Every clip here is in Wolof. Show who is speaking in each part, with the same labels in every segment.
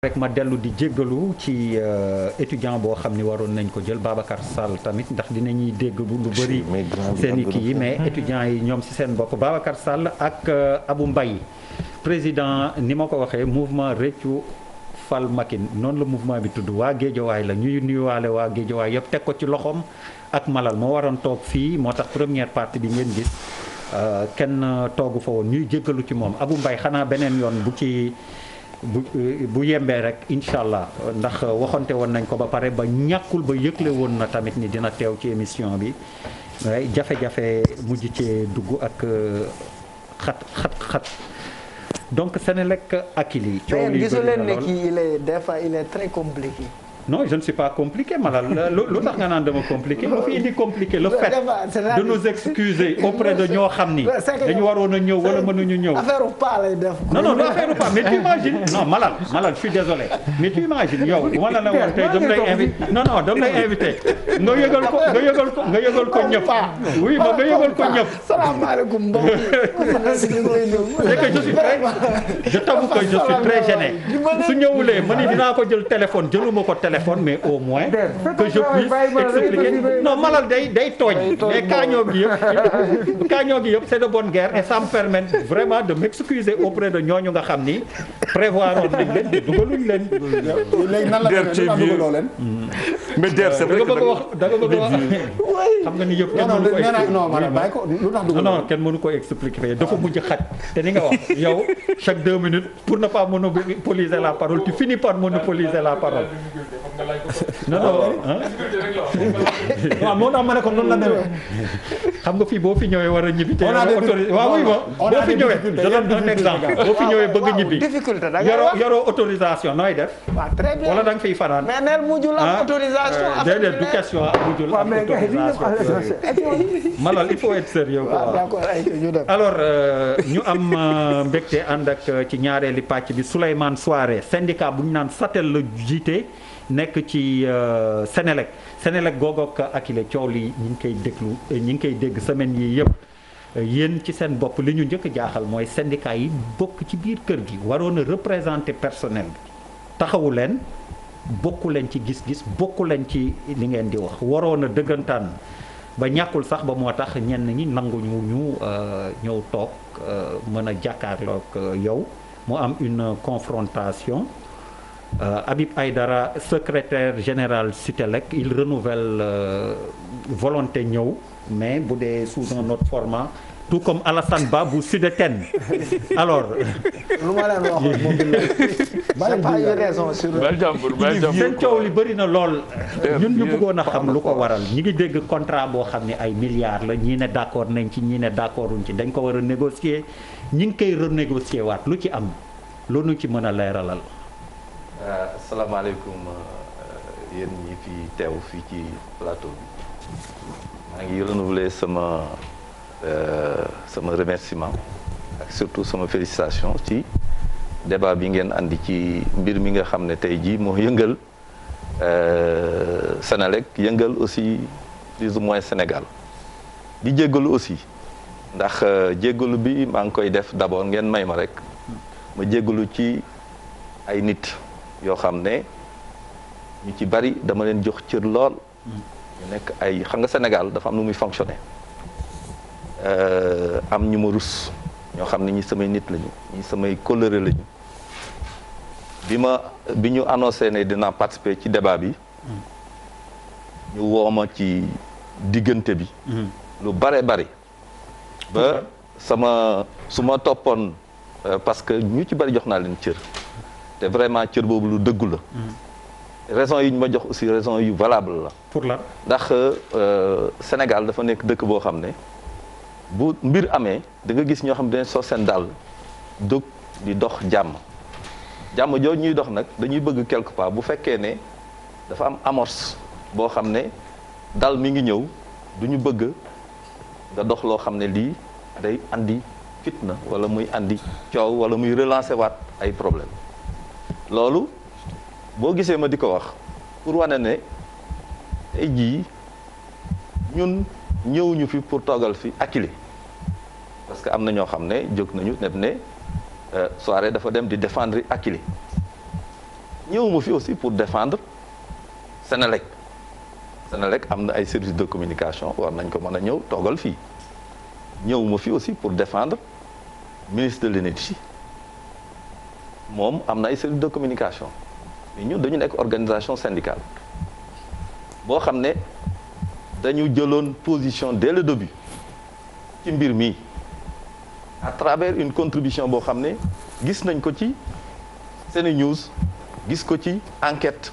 Speaker 1: rek ma dellu di jéggalu ci euh, étudiant boo xam ni waroon nañ ko jël Babacar Sall tamit ndax dinañuy dégg bu lu bëri seen kii yi mais hmm. étudiants yi ñoom si seen bopp Babacar Sall ak euh, Abou mbay président ni ma ko waxee mouvement Réccu Fal Macky noonu la mouvement bi tudd waa waay la ñuy nuyuwaale waa waay yëpp teg ko ci loxoom ak malal moo waroon toog fii moo tax première partie bi ngeen gis euh, kenn toogu fa woon ñuy jéggalu ci moom Abou Mbaye xanaa beneen bu bu yembee rek incha allah ndax waxante woon nañ ko ba pare ba ñàkkul ba yëgle woon na tamit ni dina teew ci émission bi waaye jafe-jafe mujj cee dugg ak euh, xat xat xat donc sene Akilee. coow li bëri na lool mais leen ne kii
Speaker 2: il
Speaker 3: est des fois il est très compliqué.
Speaker 1: non je ne suis pas compliqué Malal lu tax nga naan dama compliqué lu fi indi compliqué le fait de nous excuser auprès de ñoo xam ni dañu waroon a ñëw wala mënuñu ñëw. affaire
Speaker 3: ou pas lay def. non non
Speaker 1: affaire pas mais tu imagines non Malal Malal je désolé mais tu imagines yow bu ma la la woon tey dama lay invité non non dama lay invité nga yëgal ko nga yëgal ko nga yëgal ko ñëpp. oui ma nga yëgal ko ñëpp. salaamaaleykum mbokk yi. que je suis très je je suis ko jël téléphone. téléphone mais au moins. que
Speaker 2: je puisse expliquer non malal
Speaker 1: tooñ. mais kaañoo gi yëpp kaañoo gi yëpp c' est guerre et ça me vraiment de m' excuser auprès de ñooñu nga xam ni prévoir nañ leen te dugaluñ leen.
Speaker 2: léegi la dugaloo leen.
Speaker 1: mais da bëgg a wax da nga bëgg wax xam nga ni yëpp kenn mënu ko expliquer non ko lu tax dugaloo non kenn mënu dafa mujj xaj te ni nga wax yow chaque deux minutes pour ne pas monopoliser la parole tu finis par monopoliser la parole. non
Speaker 2: non moo tax ma ne ko noonu la demee
Speaker 1: xam nga fii boo fi ñëwee war a ñibbi te autorisation waaw oui boo fi ñëwee je donne exemple boo fi ñëwee bëgg a ñibbi difficulté da nga yoroo yoroo autorisation nooy def
Speaker 3: waaw très wala da nga fiy fanaan mais neel mujjul am ah, autorisation euh,
Speaker 1: déedéet du question ah, mujjul am autorisation
Speaker 3: euh,
Speaker 1: malal il faut être sérieux quoi euh, ñu am mbégte ànd ak ci ñaareeli pàcc bi Souleymane Souaré syndicat bu ñu naan Satel la jiite nekk ci senelek euh, Sénélec googook Akile coow li ñu ngi koy déglu ñu ngi koy dégg semaine yi yëpp yéen ci seen bopp li ñu njëkk jaaxal mooy syndicat yi bokk ci biir kër gi waroon a représenter personnel bi taxawu leen bokku leen ci gis-gis bokku leen ci li ngeen di wax waroon a dëggantaan ba ñàkkul sax ba moo tax ñenn ñi nanguñu ñu euh, ñëw toog euh, mën a jàkkaarlook yow mu am une confrontation Euh, ay dara secrétaire général Sutelec il renouvelle euh, volonté ñëw mais bu dee sous un autre format tout comme Alassane Ba bu Sudeten
Speaker 2: alors. lu ma leen waxoon
Speaker 1: moom bëri na lool. ñun ñu bëggoon lu ko waral ñi ngi dégg contrat boo xam ni ay milliards la ñii ne d' accord nañ ci ñii ne d' accorduñ ci dañ ko war a négocier ñi ngi koy renégocier waat lu ci am lu nu ci mën a leeralal.
Speaker 4: Euh, asalaamaaleykum euh, yéen ñi fi teew fii ci plateau bi maa ngi renouveler sama euh, sama remerciement surtout sama félicitation ci débat bi ngeen andi ci mbir mi nga xam ne tey jii moo yëngal Sénélec yëngal aussi plus ou moins Sénégal di jéggalu aussi ndax jéggalu bi maa ngi koy def d'abord ngeen may ma rek ma jéggalu ci ay nit yoo xam ne ñu ci bari dama leen jox cër lool. Mm-hmm. ñu nekk ay xam nga Sénégal dafa am nu muy fonctionner euh, am ñu ma rus ñoo xam ne ñi samay nit lañu ñi samay coloré lañu bi ma bi ñu annoncé ne dinaa participer ci débat bi. Mm-hmm. ñu wooma ci diggante bi. Mm-hmm. lu bare bari ba sama su ma toppoon euh, parce que ñu ci bari jox naa leen cër. te vraiment cër boobu lu dëggu la. Mm-hmm. raison yi ñu ma jox aussi raison yu valable la. pour la ndax euh, Sénégal dafa nekk dëkk boo xam ne bu mbir amee da nga gis ñoo xam ne soo seen daal dëgg di dox jàmm jàmm jooju ñuy dox nag dañuy bëgg quelque part bu fekkee ne dafa am amorce boo xam ne dal mi ngi ñëw du ñu bëgg nga dox loo xam ne lii day andi fitna wala muy indi coow wala muy relancer waat ay problème loolu boo gisee ma di ko wax pour wane ne tey jii ñun ñëwuñu fi pour toogal fi akili parce que am na ñoo xam ne jóg nañu ne ne euh, soirée dafa dem di défendre akili ñëwuma fi aussi pour défendre Sénélec Sénélec am na ay services de communication war nañ ko mën a ñëw toogal fii ñëwuma fi aussi pour défendre ministre de l'énergie moom am na ay cellule de communication mais ñun dañu nekk organisation syndicale boo xam ne dañu jëloon position dès le début ci mbir mi à travers une contribution boo xam ne gis nañ ko ci Sene News gis ko ci enquête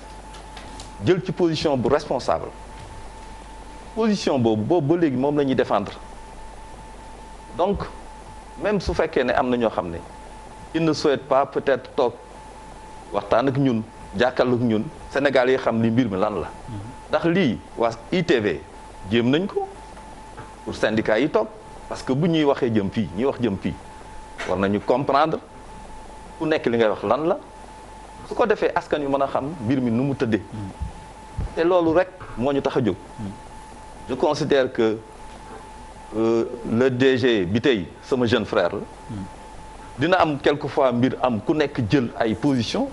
Speaker 4: jël ci position bu responsable position boobu boobu ba léegi moom la ñuy défendre donc même su fekkee ne am na ñoo xam ne il ne pas peut-être toog waxtaan ak ñun jàkkaarloog ñun Sénégal yi xam li mbir mi lan la. ndax lii waa ITV jéem nañ ko pour syndicat yi toog parce que bu ñuy waxee jëm fii ñuy wax jëm fii war nañu comprendre ku nekk li ngay wax lan la su ko defee askan yu mën a xam mbir mi nu mu tëddee. te loolu rek moo ñu tax a jóg. je considère que euh, le DG bi tey sama jeune frère la. dina am quelque fois mbir am ku nekk jël ay position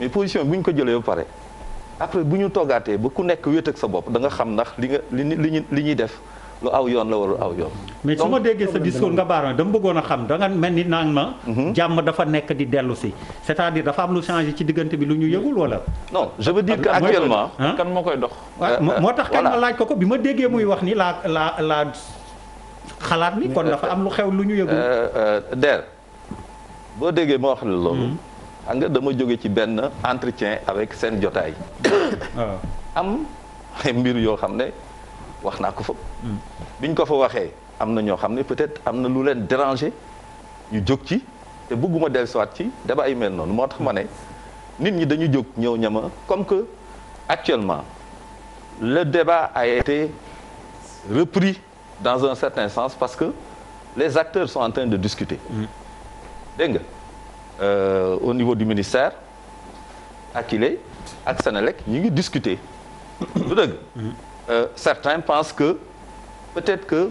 Speaker 4: mais position bu ñu ko jëlee bu pare après bu ñu toogaatee ba ku nekk wéet ak sa bopp da nga xam ndax li nga li ñu li ñuy def lu aw yoon la warul aw yoon. mais su ma déggee sa discours nga
Speaker 1: baar ma dama bëggoon a xam danga mel ni naan na mhm. jàmm dafa nekk di dellu si. c'est-à-dire dafa am lu changé ci diggante bi lu ñu yëgul wala. non je veux dire que ah, actuellement.
Speaker 5: kan moo koy dox. waaye ah, euh, moo tax
Speaker 1: kan ma laaj ko ko bi ma déggee muy wax ni laa la la xalaat ni kon euh, am lu xew lu ñu yëgul.
Speaker 5: Euh,
Speaker 4: der boo déggee moo wax la loolu. Hmm. xam nga dama jóge ci benn entretien avec seen jotaay. Ah. am mbir yoo xam ne wax naa ko fa. Hmm. biñ ko fa waxee am na ñoo xam ne peut-être am na lu leen déranger ñu jóg ci te bëgguma dellusiwaat ci débat yu mel noonu moo tax ma ne nit ñi dañu jóg ñëw ñama comme que actuellement le débat a été repris dans un certain sens parce que les acteurs sont en train de discuter. Mm. dégg nga euh, au niveau du ministère ak Ile ak Sénélec ñu ngi discuter. du dëgg. Euh, certains pensent que peut-être que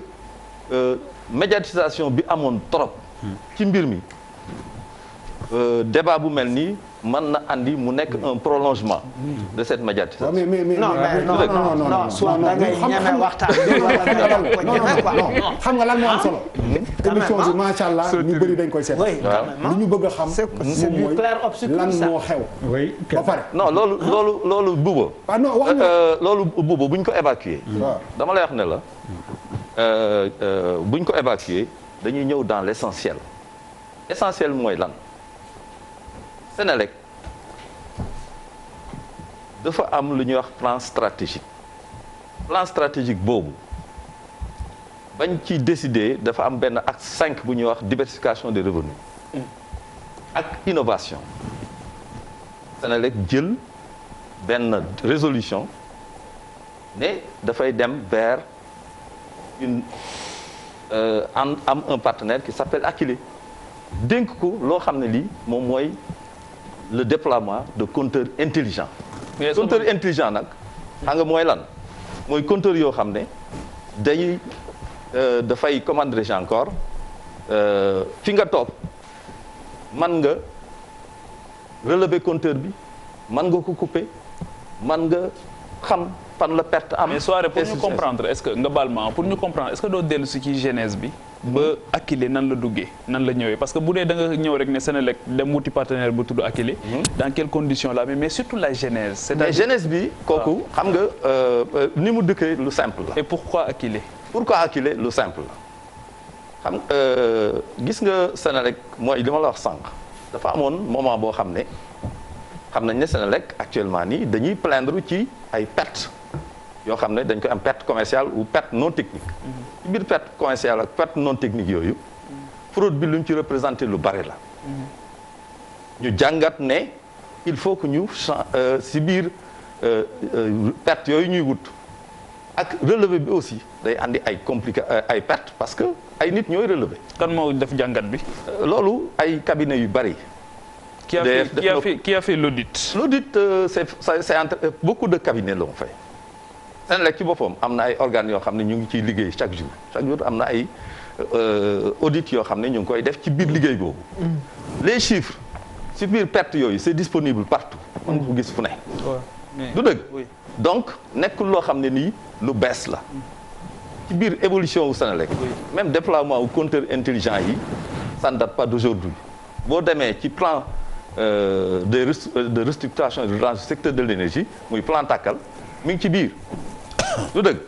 Speaker 4: euh, médiatisation bi amoon trop. ci mbir mi euh, débat bu mel nii. mën na andi mu nekk un prolongement de cette médiatisation. non mais non non non non soit da ngay ñeme
Speaker 2: waxtaan bi wala da ngay ko ñeme quoi. xam nga lan moo am solo.
Speaker 6: Ah, émission bi macha allah ñu
Speaker 4: bëri dañ koy seet. li ñu bëgg a xam. c'est du
Speaker 6: clair obscur lan moo xew. oui
Speaker 4: ba pare. non loolu loolu loolu buuba. ah non wax nga euh, euh, loolu buuba bu ñu ko évacuer. dama lay wax ne la euh, bu ñu ko évacuer dañuy ñëw dans l'essentiel. essentiel mooy lan. Senelec dafa am lu ñuy wax plan stratégique plan stratégique boobu bañ ci décider dafa am benn ak cinq bu ñuy wax diversification des revenus hmm. ak innovation Senelec jël benn résolution ne dafay dem vers une euh, am am un partenaire qui s'appelle Akile dénk ko loo xam ne lii moom mooy le déploiement de compteurs intelligents. compteur intelligent nag xam nga mooy lan mooy compteur yoo xam ne day euh, dafay comment dirais-je encore euh, fi nga toog man nga relever compteur bi man nga ko couper man nga xam
Speaker 5: fan la perte am. mais soirée pour ñu comprendre est-ce que nga baal ma pour ñu comprendre est-ce que doo dellu si ci genèse bi. ba Akile nan la duggee nan la ñëwee parce que bu dee da ñëw rek ne Senelec dem wuti partenaire bu tudd Akile. Mhm. dans quelles conditions là mais surtout la genèse. c'est-à-dire genèse
Speaker 4: bi kooku ah. xam nga euh, euh, ni mu dëkkee lu simple la. et pourquoi Akile. pourquoi Akile lu simple la xam nga euh, gis nga Senelec mooy li ma la wax sànq dafa amoon moment boo xam ne xam nañ ne Senelec actuellement nii dañuy plaindre ci ay pertes. yoo xam ne dañ koy am perte commerciale ou perte non technique ci perte commerciale ak perte non technique yooyu fraude bi lu ñu ci représenté lu bari la ñu jàngat ne il faut que ñu si euh, biir euh, euh, perte yooyu ñuy wut ak relevé bi aussi day andi ay compliqué ay perte parce que ay nit ñooy relevé kan moo def jàngat bi loolu ay cabinet yu bari
Speaker 5: qui a fait qui a fait l'audit l'audit
Speaker 4: c'est c'est entre beaucoup de la l'ont fait Senelec ci boppam am na ay organes yoo xam ne ñu ngi ciy liggéey chaque jour chaque jour am na ay euh, audit yoo xam ne ñu ngi koy def ci biir mm. liggéey boobu. Mm. les chiffres ci biir perte yooyu c'est disponible partout. mën nga ko gis fu ne. du dëgg donc nekkul loo xam ne nii lu bees la. Mm. ci biir évolution wu Senelec. même déploiement wu compteur intelligent yi ça ne date pas d'aujourd'hui boo demee ci plan euh, de de restructuration du secteur de l'énergie muy plan tàkkal mi ngi ci biir. lu dëgg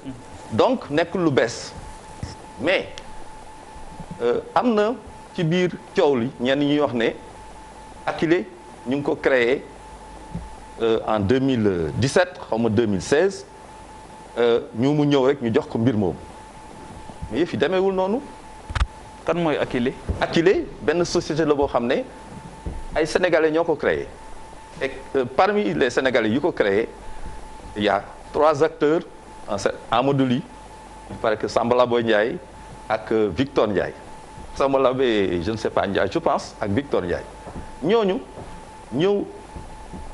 Speaker 4: donc nekkul lu bees mais euh, am na ci biir coow li ñenn ñuy wax ne Akilee ñu ngi ko créé euh, en 2017 xaw ma 2016 euh, ñu mu ñëw rek ñu jox ko mbir moomu mais yëf fi demeewul noonu. kan mooy Akilee. Akilee benn société la boo xam ne ay sénégalais ñoo ko créé parmi les sénégalais yu ko créé il trois acteurs. en fait Amadou Ly il paraît que Samba Laboy Ndiaye ak euh, Victor Ndiaye Samba Laboy je ne sais pas Ndiaye je pense ak Victor Ndiaye ñooñu ñëw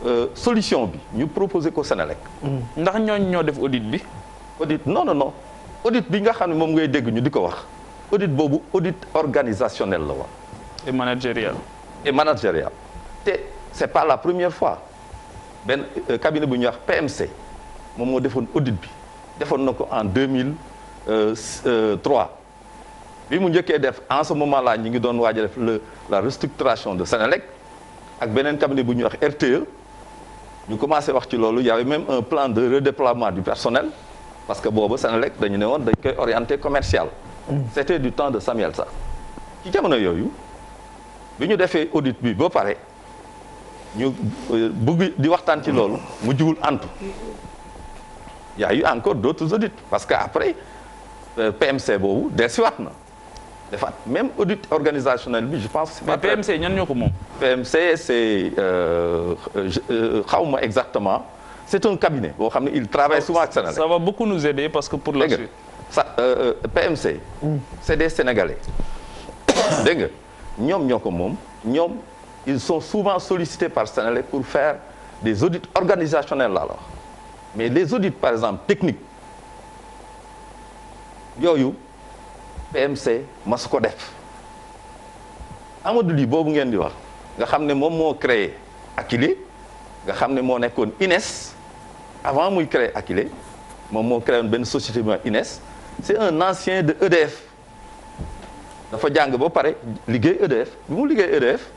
Speaker 4: euh, solution bi ñu proposé ko Sénélec. Mm. ndax ñooñu ñoo def audit bi. audit non non no audit bi nga xam ne moom ngay dégg ñu di ko wax audit boobu audit organisationnel la woon. et managérial. et managérial te c'est pas la première fois benn euh, cabinet bu ñu wax PMC moom moo defoon audit bi. defoon na ko en 2003 euh, euh, bi mu njëkkee def en ce moment ñu ngi doon waaj a def le la restructuration de Senelec ak beneen cabinet bu ñuy wax RTE ñu commencer wax ci loolu y même un plan de redéploiement du personnel parce que booba Senelec dañu ne woon dañ koy orienté commercial mm. c'était du temps de Samuel sax ci jamono yooyu bi ñu defee audit bi ba pare ñu euh, bëgg di waxtaan ci loolu mu jiwul antu y eu encore d' autres audits parce que après euh, PMC boobu dellusiwaat na defaat même audit organisationnel
Speaker 5: bi je pense. mais PMC ñan ñoo ko moom.
Speaker 4: PMC c' est euh, euh, xaw ma exactement c' est un cabinet boo xam ne il travaille souvent ak Sénégal. ça
Speaker 5: va beaucoup nous aider parce que
Speaker 4: sa PMC. est des Sénégalais. dégg nga ñoom ñoo ko moom ñoom ils sont souvent sollicités par Sénégalais pour faire des audits organisationnels la alors. mais les audits par exemple technique yooyu PMC mas ko def Amadou Ly boobu ngeen di wax nga xam ne moom moo créé Akilee nga xam ne moo nekkoon INES avant muy créé Akilee moom moo créé benn société bu INES c'est un ancien de EDF dafa jàng ba pare liggéey EDF bi mu liggéey EDF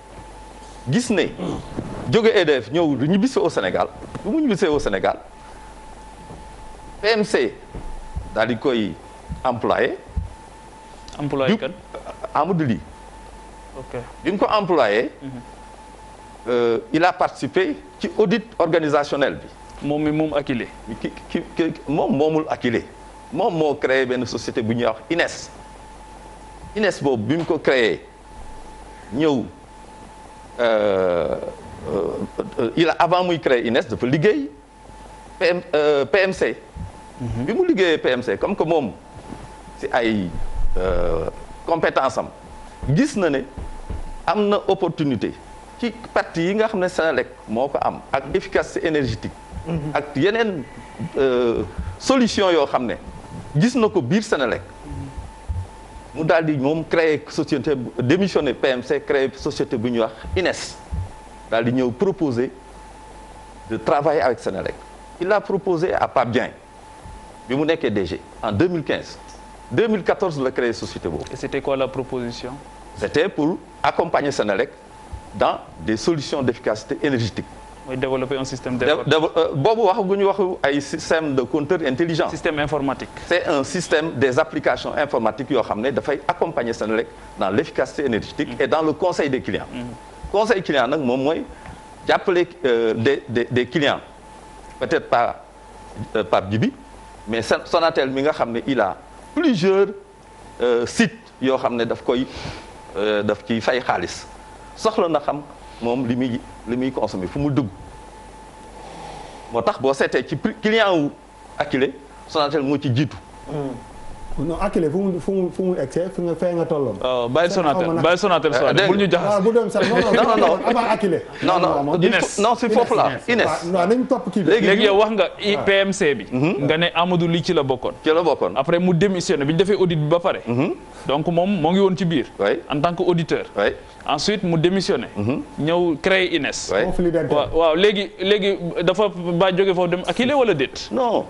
Speaker 4: gis ne jóge EDF ñëw lu ñibbisi au Sénégal du mu ñibbisee au Sénégal PMC daal di koy employé. employé kan Amadou Ly. bi mu ko employé. Mhm. Euh, il a participé ci audit organisationnel bi. moom mi moom Akile. ki moom moomul Akile moom moo créé benn société bu ñuy wax INES. INES boobu bi mu ko créé ñëw euh, euh, il a avant muy créé INES dafa liggéey PM PMC. Mm-hmm. bi mu liggéeyee PMC comme que moom si ay euh, compétence am gis na ne am na opportunité ci parti yi nga xam ne Senelec moo ko am ak efficacité énergétique mm-hmm. ak yeneen euh, solution yoo xam ne gis na ko biir Senelec mm-hmm. mu daal di moom créer société démissionné PMC créer société bu ñuy wax INES daal di ñëw proposer de travailler avec Senelec il a proposé à Pape Dieng bi mu nekkee DG en 2015 2014 la créé société boobu. et c'était quoi la proposition. c'était pour accompagner Senelec dans des solutions d'efficacité énergétique. mooy développer un système de. Euh, boobu wax gu ñu wax ay système de compteur intelligent. système informatique. c'est un système des applications informatiques yoo xam ne dafay accompagner Senelec dans l'efficacité énergétique. Mm-hmm. et dans le conseil des clients. Mm-hmm. conseil client nag moom mooy jàppale euh, des des des clients peut-être pas euh, Pape mais Sonatel mi nga xam ne il a plusieurs euh, sites yoo xam ne daf koy euh, daf ciy fay xaalis soxla na xam moom li muy li muy consommé fu mu dugg moo tax boo seetee ci client wu Akilee Sonatel moo ci jiitu
Speaker 6: hmm. non Akile fu mu fu nga fee nga tolloon.
Speaker 5: Oh, bàyyi Sonatel bàyyi Sonatel eh, de bul ñu jaxase. Ah, bu dem sax
Speaker 4: non
Speaker 6: léegi yow wax nga
Speaker 5: ah. PMC bi. Mhm. nga ne Amadou Ly ci la bokkoon. ci la bokkoon après mu démissionné bi ñu defee audit bi ba pare. Mhm. donc moom moo ngi woon ci biir. en tant que auditeur. ensuite mu démissionné. Mhm. ñëw créé Inès. waaw waaw léegi léegi dafa ba jóge foofu dem Akile wala déet. non.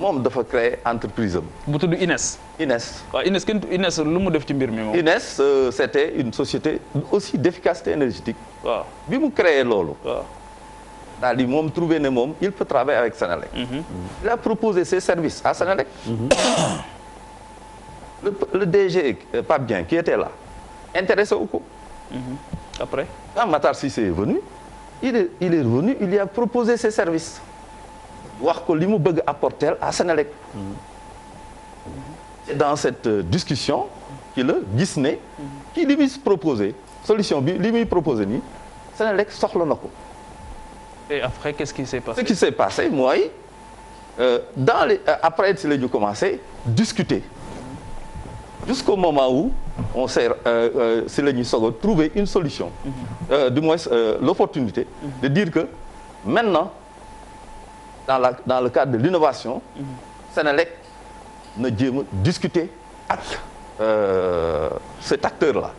Speaker 5: moom dafa créer entreprise bu tudd Ines. Ines waaw Ines kenn Ines lu mu def ci mbir mi moom.
Speaker 4: Ines euh, c' une société aussi d' efficacité énergétique. waaw bi mu créer loolu. waaw daal di moom trouvé ne moom il peut travailler avec Senelec. Mhm. il a proposé ses à Senelec. Mhm. le DG euh, Pape Dieng qui était là intéressé wu ko. Mhm. après. quand Matar Cissé est venu il est revenu il lui a proposé ses wax ko li mu bëgg apporter à Sénélec c'est dans cette euh, la gis ne kii li solution bi li muy proposé nii Sénélec soxla na ko et après qu'est-ce qui s'est passé ce mooy euh, dans les euh, la ñu commencé discuter jusqu'au moment où on s'est si la ñuy soog a trouver une solution du moins l'opportunité de dire que maintenant dans la dans le cadre de l'innovation mhm. Sénélec na jéem a discuter ak euh, cet acteur là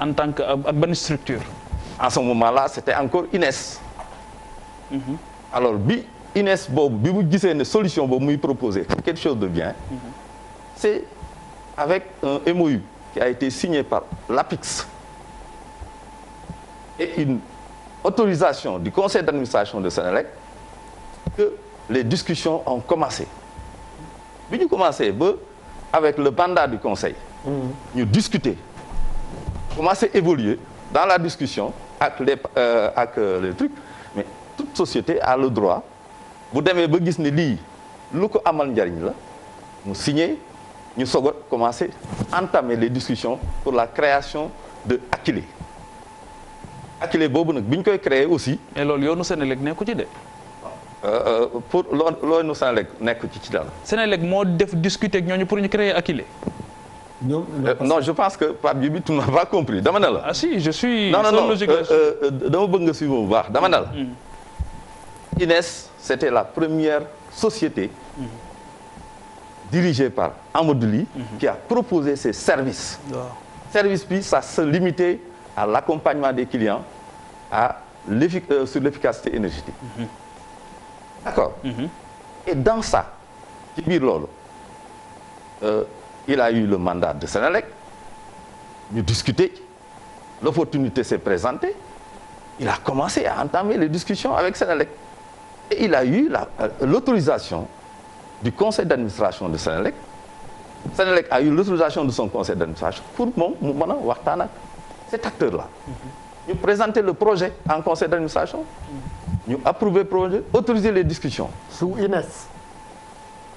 Speaker 4: en tant que ak benn structure en ce moment là c'était encore INES mhm. alors bi INES boobu bi mu gisee ne solution boobu muy proposer quelque chose de bien mhm. c'est avec un MOU qui a été signé par l'APIX et une autorisation du conseil d'administration de Sénélec que les discussions ont commencé bi ñu commencé ba avec le mandat du conseil ñu discuter commencé évoluer dans la discussion ak les euh, ak euh, les trucs mais toute société a le droit bu demee ba gis ni lii lu ko amal njariñ la mu signer ñu soog a commencé entamer les discussions pour la création de Akilee Akilee boobu nag bu ñu koy créer aussi mais loolu yoonu Senelec nekku ci de Euh, pour loo loo nu nekk ci ci dara.
Speaker 5: Senelec moo def
Speaker 4: discuter ak ñooñu pour ñu créer Akilee. non euh, non je pense que Pape Djibi tu n'as pas compris dama ne la. ah si je suis. Euh, bëgg nga suivre bu baax dama ne la. Mm. INES c'était la première société. dirigée par Amadou mm-hmm. qui a proposé ses services. service bi ça se limitait à l'accompagnement des clients à l'effic sur l'efficacité énergétique. Mm-hmm. d'accord mhm. et dans ça ci biir loolu euh, il a eu le mandat de Sénélec ñu discuter l'opportunité s'est présentée il a commencé à entamer les discussions avec Sénélec et il a eu la euh, l'autorisation du conseil d'administration de Sénélec Sénélec a eu l'autorisation de son conseil d'administration pour moom mu mën a waxtaan ak cet acteur là mhm. ñu présenter le projet en conseil d'administration ñu approuver projet autoriser les discussions. sous INES.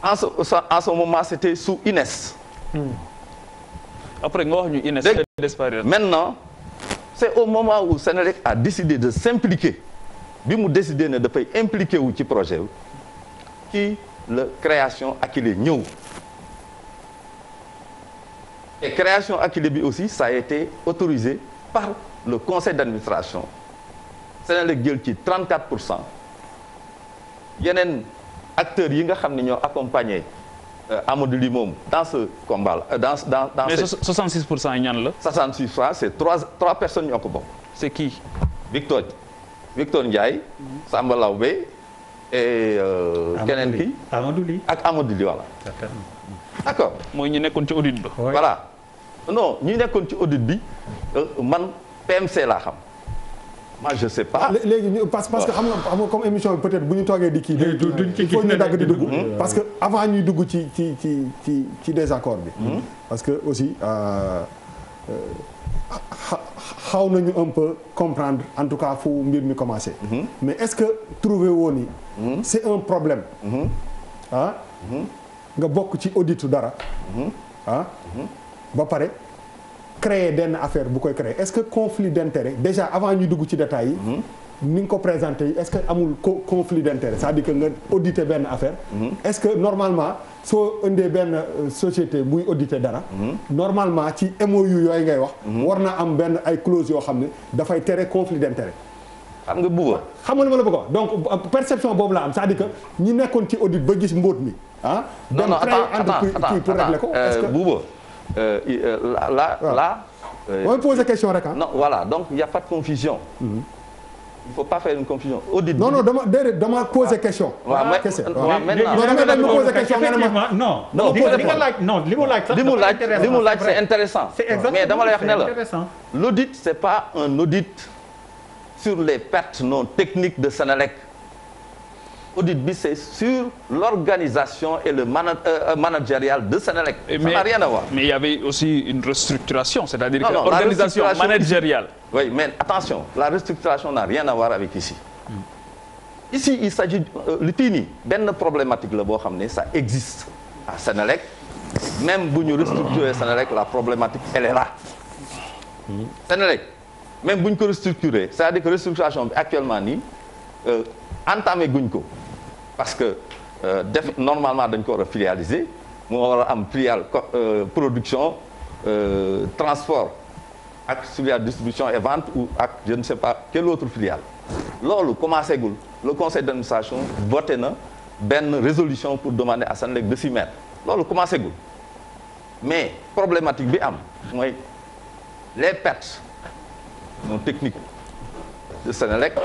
Speaker 4: en ce en ce moment c'était sous INES.
Speaker 2: Hmm.
Speaker 5: après nga wax ñu INES. disparaître maintenant
Speaker 4: c'est au moment où Sénélec a décidé de s'impliquer bi mu décidé ne dafay impliqué wu ci projet bi ci la création Akilee ñëw. et création Akilee bi aussi ça a été autorisé par le conseil d'administration Senelec jël ci 34 pour cent yeneen acteurs yi nga xam ne ñoo accompagner euh, Amadou Ly moom dans ce combat là euh, dans dans dans. mais
Speaker 5: 66 pour cent ñan la. 66 pour cent c'est trois
Speaker 4: trois personnes ñoo ko bokk. c'est qui. Victor Victor Ndiaye. Samba Lawbe et. Euh, keneen ki Amadou ak Amadou Ly voilà. mooy ñu nekkoon ci audit ba. voilà non ñu nekkoon ci audit bi man. PMC laa xam. moi je sais pas.
Speaker 6: léegi ñu parce que xam nga xam nga comme émission bi peut-être bu ñu toogee di kii. duñ ci gis ñu dagg di dugg. parce que avant ñuy dugg ci ci ci ci ci désaccord bi. Hmm? parce que aussi euh, euh, xaw nañu un peu comprendre en tout cas fu mbir mi commencé. Hmm? mais est-ce que trouver woon ni. Hmm? c'est un problème. ah. nga bokk ci auditu dara. Ah? ba pare. créer benn affaire bu koy créer est-ce que conflit d'intérêt déjà avant ñu dugg ci détails yi. Mhm. ni nga ko présenté yi est-ce que amul conflit d'intérêt c'est-à-dire que nga auditer benn affaire. Mhm. est-ce que normalement soo indee benn euh, société buy auditer dara. Mhm. normalement ci MOU yooyu ngay wax. war na am benn ay clause yoo xam ne dafay tere conflit d'intérêt. xam nga bëgg xam nga li ma la bëgg wax donc euh, perception boobu la am cest à que ñi nekkoon ci audit ba gis mbóot mi ah. non non attends
Speaker 4: là euh, euh, là. Ah. Euh, on pose question rek non voilà donc il y a pas de confusion. Mhm. il faut pas faire une confusion
Speaker 6: audit. non non dama déedéet dama poser question. waaw mais non non li nga laaj
Speaker 4: non li mu laaj sax li mu laaj c'est intéressant mais dama lay wax ne la l'audit c'est pas un audit sur les pertes non techniques de Senelec. audit bi c'est sur l'organisation et le manag euh, euh, managérial de Sénélec. ça n'a rien à voir.
Speaker 5: mais il y avait aussi une restructuration. c'est-à-dire
Speaker 4: que non, l'organisation managériale. mais attention la restructuration n'a rien à voir avec ici. Hmm. il s'agit euh, li fii benn problématique la boo xam ne ça existe à Sénélec même bu ñu restructurer Sénélec la problématique elle est là. Mm. Sénélec même ko restructurer c'est-à-dire que restructuration bi actuellement nii. Euh, entamé guñ ko parce que euh, def normalement dañ ko a filialiser moo war a am filiale euh, production euh, transport ak filiale distribution et vente ou ak je ne sais pas quelle autre filiale loolu commencé gul le conseil d'administration voté na benn résolution pour demander à Senelec de s'y mettre loolu commencé gul mais problématique bi am mooy les pertes non techniques de Senelec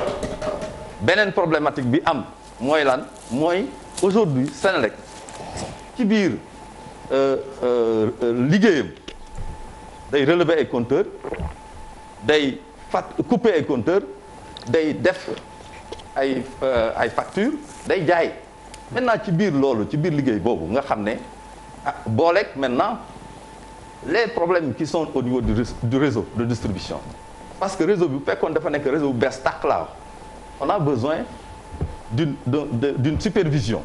Speaker 4: beneen problématique bi am mooy lan mooy aujourd'hui Senelec ci biir euh, euh, liggéeyam day relever ay day fat couper ay day def ay euh, ay facture day jaay maintenant ci biir loolu ci biir liggéey boobu nga xam ne ah booleeg maintenant les problème qui son au niveau du réseau de distribution parce que réseau bi bu fekkoon dafa nekk réseau bu bees tàq laaw on a besoin d'une d'une supervision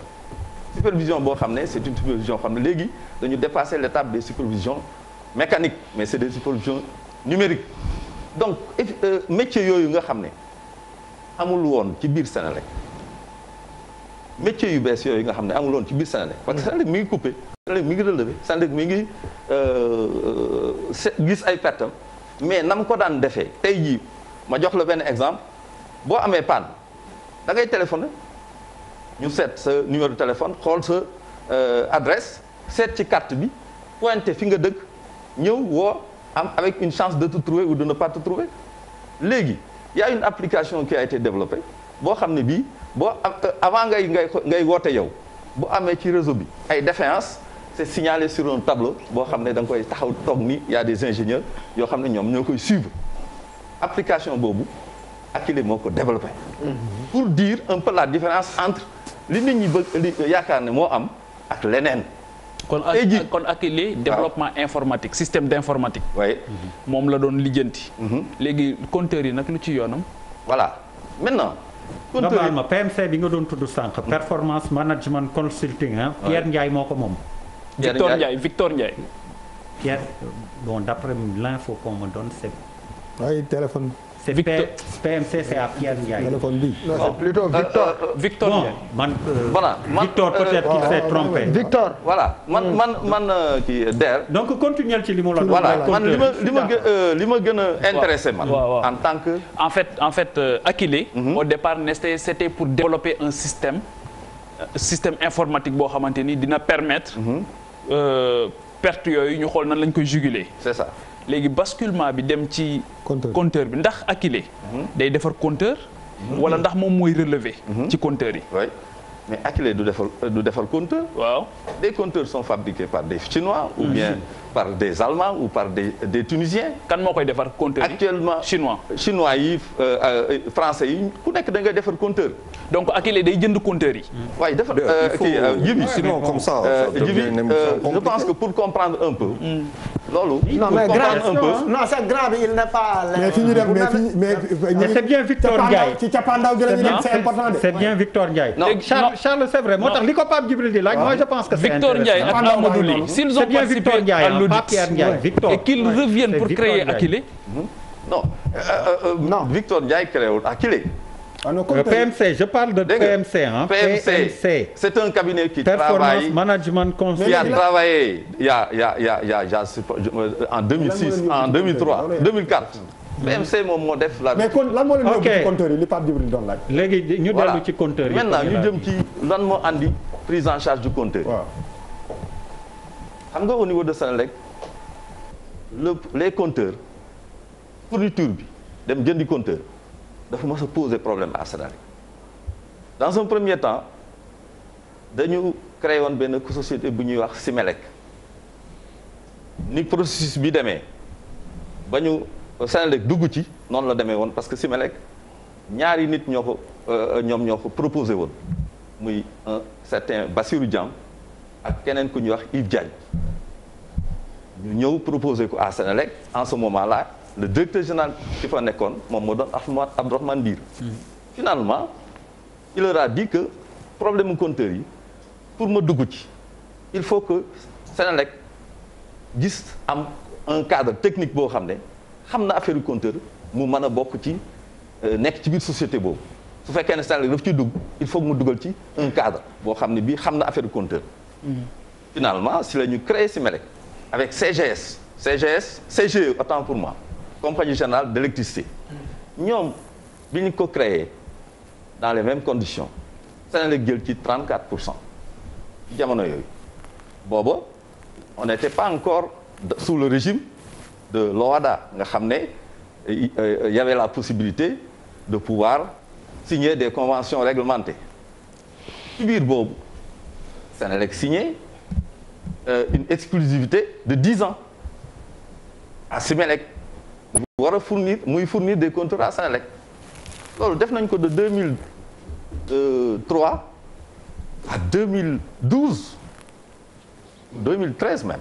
Speaker 4: supervision boo xam ne c'est une supervision xam ne léegi dañu dépasser l'étape des supervisions mécanique mais c'est des supervisions numériques donc euh, métier yooyu nga xam ne amul woon ci biir Senelec métier yu bees yooyu nga xam ne amul woon ci biir Senelec parce que Senelec mu ngi coupé Senelec mi ngi relevé Senelec mi ngi euh, euh, gis ay pertam mais nam ko daan defee tey jii ma jox la benn exemple boo amee panne da ngay téléphoner ñu seet sa numéro de téléphone xool sa euh, adresse seet ci carte bi pointé fi nga dëkk ñëw woo am avec une chance de te trouver ou de ne pas te trouver léegi y a une application qui a été développée boo xam ne bii boo euh, avant ngay ngay ngay woote yow bu amee ci réseau bi ay défaillance c'est signalé sur un tableau boo xam ne da koy taxaw toog nii y a des ingénieurs yoo xam ne ñoom ñoo koy suivre application boobu Akile moo ko développé. Mhm. pour dire un peu la
Speaker 5: différence entre li nit ñi bëgg yaakaar ne moo am ak leneen. kon ak kon développement informatique système d'informatique. oui mhm. moom la doon lijjanti. Mhm. léegi compteurs yi nag lu ci yoonam. voilà maintenant. compteurs yi ma PMC
Speaker 1: bi nga doon tudd sànq. performance management consulting ah. Pierre Ndiaye moo ko moom.
Speaker 5: Victor Ndiaye Victor Ndiaye.
Speaker 1: Pierre bon d'après l'info qu'on me donne c'est.
Speaker 6: waaye téléphone.
Speaker 1: c'est PMC c'est à Pierre Ndiaye. téléphone bi
Speaker 5: Victor.
Speaker 4: Victor man. voilà man Victor peut-être qu'il s'est trompé. Victor voilà man mm. man man
Speaker 5: uh, ci DER.
Speaker 4: donc continuel ci li mu la. voilà man li ma li ma uh, li ma gën a intéressé man.
Speaker 5: en tant que. en fait en fait uh, Akile. Mhm. au départ Nestlé c'était pour développer un système euh, système informatique boo xamante ni dina permettre. Mhm. Euh, perte yooyu ñu xool nan lañ koy juguler. c'est ça. léegi basculement bi dem ci. conteur bi ndax Akilee. Mhm. day defar compteur. Mhm. wala ndax moom mooy relever. Mhm. ci compteur yi. mais Akilee du defar euh, du defar compteur. waaw des compteurs sont fabriqués par
Speaker 4: des chinois. ou bien par des allemands ou par des des tunisiens. kan moo koy defar compteur yi actuellement chinois. chinois yi euh, euh, français yi ku nekk da ngay defar compteur. donc Akilee day jënd compteur yi. waaye defar kii jibi sinon comme ça. jibi je pense que pour comprendre un peu. loolu. non mais grand un peu
Speaker 3: non c'est grand bi il n'est pas.
Speaker 4: mais fi ñu dem mais fi
Speaker 6: mais. Euh, c'est bien Victor Ndiaye ci cappaandaw gi la ñu dem c'est important de. c'est bien
Speaker 1: Victor Ndiaye. non Charles Charles c'est vrai moo tax li ko Pape Djibril di laaj. moi je pense que c'est Victor Ndiaye ak Amadou Ly s'ils ont participé à l'audit et qu'ils reviennent pour créer Akilee.
Speaker 2: Mhm.
Speaker 4: non non euh, euh, Victor Ndiaye créewul Akilee. Le PMC je parle de PMC hein PMC, PMC. c'est un cabinet qui travaille management conseil qui a travaillé a il a il y a il y a, il y a en 2006 en 2003 PMC moom moo def la. mais kon lan moo leen yóbbu ci compteur yi li Pape Djibril doon laaj. léegi ñu ñu jëm ci lan moo andi prise en charge du compteur. waaw xam au niveau de Senelec le les compteurs fourniture bi dem jëndi compteur. dafa mos a poser problème à Sédar dans un premier temps dañu créé woon benn société bu ñuy wax Simelec ni processus bi demee ba ñu Sénélec dugg ci noonu la demee woon parce que Simelec ñaari nit ñoo ko euh, ñoom ñoo ko proposé woon muy un certain Bassirou Diam ak keneen ku ñuy wax Yves Diagne ñu ñëw proposé ko à Sénélec en ce moment là le directeur général ki fa nekkoon moom moo doon Abdourahmane Dir finalement il leur a dit que problème mu compteur yi pour ma dugg ci il faut que Senelec gis am un cadre technique boo xam ne xam na affaire compteur mu mën a bokk ci euh, nekk ci biir société boobu su fekkee ne Senelec daf ci dugg il faut que mu dugal ci un cadre boo xam ne bii xam na affaire compteur mm-hmm. finalement si la ñu créé Simelec avec CGS CGS CGE autant pour moi compagnie générale d'électricité ñoom bi ñu ko créé dans les mêmes conditions Senelec jël ci 34 pour cent jamono yooyu booba on n'était pas encore sous le régime de l'OHADA nga xam ne euh, euh, y avait la possibilité de pouvoir signer des conventions réglementées ci biir boobu Senelec signé euh, une exclusivité de 10 ans à war a fournir muy fournir des compteurs à Senelec loolu def nañ ko de 2003 euh, à 2012 2013 même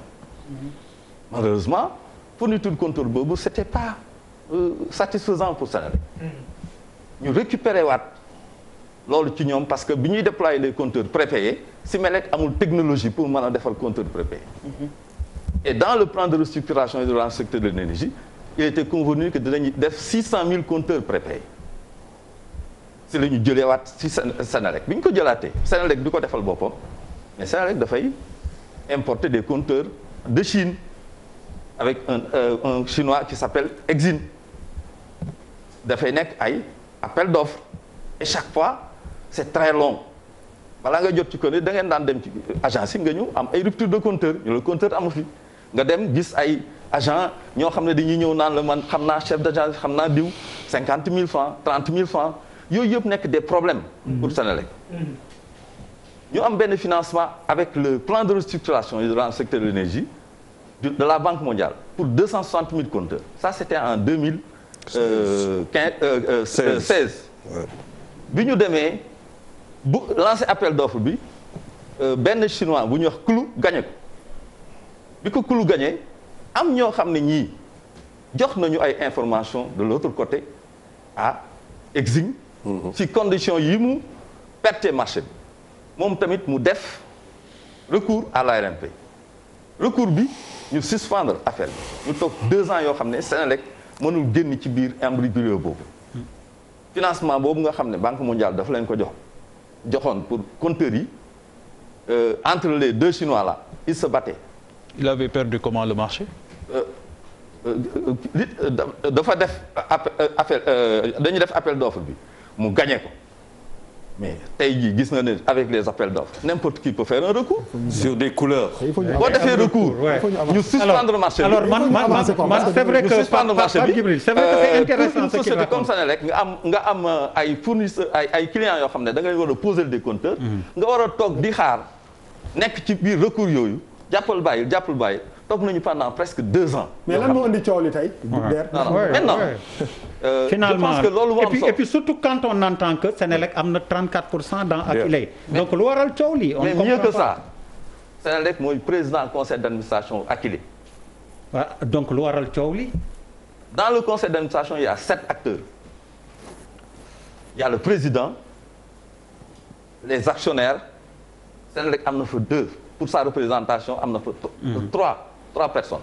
Speaker 4: malheureusement fourniture compteur boobu c'était pas euh, satisfaisant pour Senelec
Speaker 2: mm-hmm.
Speaker 4: ñu récupérer waat loolu ci ñoom parce que bi ñuy déployer les compteurs prépayés Senelec amul technologie pour mën a defar compteur prépayé mm-hmm. et dans le plan de restructuration et de secteur de l'énergie il était convenu que dinañu def 600 000 compteurs prépayés si la ñu jëlewaat si Senelec bi ñu ko jëlaatee Senelec du ko defal boppam mais Senelec dafay importer des conteurs de Chine avec un euh, un chinois qui s'appelle Exim dafay nekk ay appel d'offres et chaque fois c'est très long balaa nga jot ci ko ne daan dem ci agence yi nga ñëw am ay rupture de compteur ñu la compteur amu fi nga dem gis ay agent ñoo xam ne dañuy ñëw naan la man xam naa chef d' agent xam naa diw cinquante mille francs trente mille francs yooyu yëpp nekk des problèmes mhm. pour Senelec mhm. ñu am benn financement avec le plan de restructuration dans le secteur de l'énergie de la Banque mondiale pour deux cent soixante mille compteurs ça c' était en euh, euh, euh, bi ñu demee bu lancé appel d'offre bi benn chinois bu ñuy wax Clou gagné ko bi ko Clou gagné am ñoo xam ne ñii jox nañu ay information de l'autre côté à Exim mm-hmm. ci condition yi mu perte marché bi moom tamit mu def recours à la l'ARMP recours bi ñu suspendre affaire bi ñu toog deux ans yoo xam ne Sénélec mënul génn ci biir imbroglio boobu financement boobu nga xam ne banque mondiale dafa leen ko jox joxoon pour compteurs yi euh, entre les deux chinois là ils se battaient
Speaker 5: il avait perdu comment le marché li dafa def
Speaker 4: appel euh, dañu def appel d'offre bi mu gagné ko mais tey jii gis na ne avec les appels d'offres n'importe qui peut faire un recours. sur des couleurs. boo defee
Speaker 2: recours ñu suspendre marché bi. ñu man man man c'est vrai que suspendre marché bi c'est vrai que c'est euh, intéressant ce qu'il nga
Speaker 4: am nga am euh, ay fournisseurs ay ay clients yoo xam ne da ngay war a poser des compteurs. Mm-hmm. nga war a toog di xaar nekk ci biir recours yooyu jàppal bàyyil jàppal bàyyil. toog nañu pana presque deux ans.
Speaker 6: mais lan moo indi coow li tey. maintenant
Speaker 4: finalement euh, je pense que loolu moo am solo et
Speaker 1: puis surtout quand on que Sénélec am na 34 pour cent dans Akilee.
Speaker 4: donc lu waral coow li on mais mieux que mooy président conseil d' administration Akilee. waaw donc lu waral coow li dans le conseil d' administration il y a sept acteurs il y a le président les actionnaires Sénélec am na fa deux pour sa représentation am na fa
Speaker 2: mm-hmm.
Speaker 4: trois trois personnes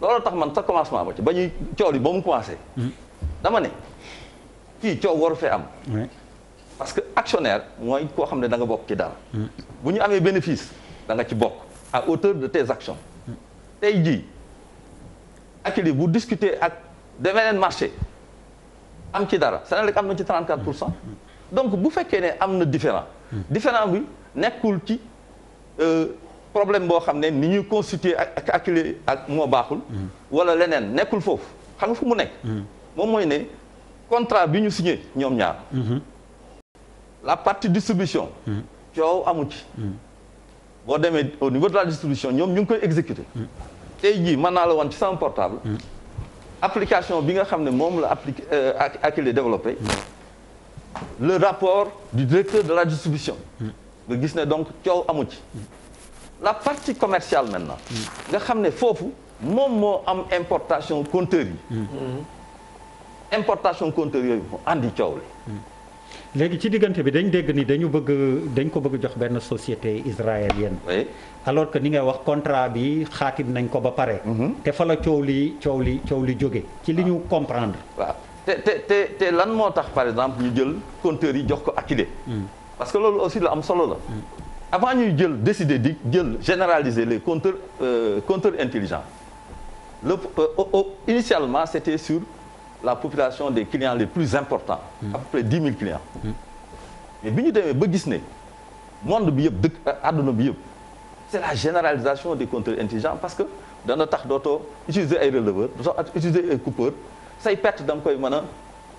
Speaker 4: loolu tax man sa commencement ba ci bañuy ñuy coow li ba mu commencé. dama ne kii coow waru fee am. parce que actionnaire mooy koo xam ne da nga bokk ci dara. bu ñu amee bénéfice da nga ci bokk à hauteur de tes actions. tey jii Akilee bu discuter ak beneen marché am ci dara Senelec am na ci 34 pour cent donc bu fekkee ne am na différent hmm. différent bi nekkul ci. Euh, problème boo xam ne ni ñuy constituer ak acculé ak moo baaxul. Mhm. wala leneen nekkul foofu xam nga fu mu nekk. Mhm. moom mooy ne contrat bi ñu signé ñoom ñaar. Mhm. la partie distribution. coow amu ci. boo demee au niveau de la distribution ñoom ñu ngi koy exécuter. tey jii mën naa la woon ci sama portable. application bi nga xam ne moom la euh, ak acculé développé. le rapport du directeur de la distribution. nga gis ne donc coow amu ci. la partie commerciale maintenant nga xam ne foofu moom moo am importation compteur yi mm-hmm. importation compteur yooyu moo andi coow li mm-hmm.
Speaker 1: léegi ci diggante bi dañ dégg nii dañu bëgg dañ ko bëgg jox benn société israélienne alors que ni ngay wax contrat bi xaatim nañ ko ba pare mm-hmm. te fa la coow li coow li coow li jóge ci li ñu comprendre
Speaker 4: waaw te te te te lan moo tax par exemple ñu jël compteur yi jox ko acculé mm. parce que loolu aussi la am solo la mm. avant ñuy jël décider di jël généraliser les compteurs euh, compteurs intelligents le euh, initialement c'était sur la population des clients les plus importants hmm. à peu près 10 clients hmm. mais bi ñu demee ba gis ne monde bi yëpp dëkk euh, àdduna bi yëpp c'est la généralisation des compteurs intelligents parce que dana tax dootoo utiliser ay releveurs dootoo utiliser ay coupeurs say perte da koy mën a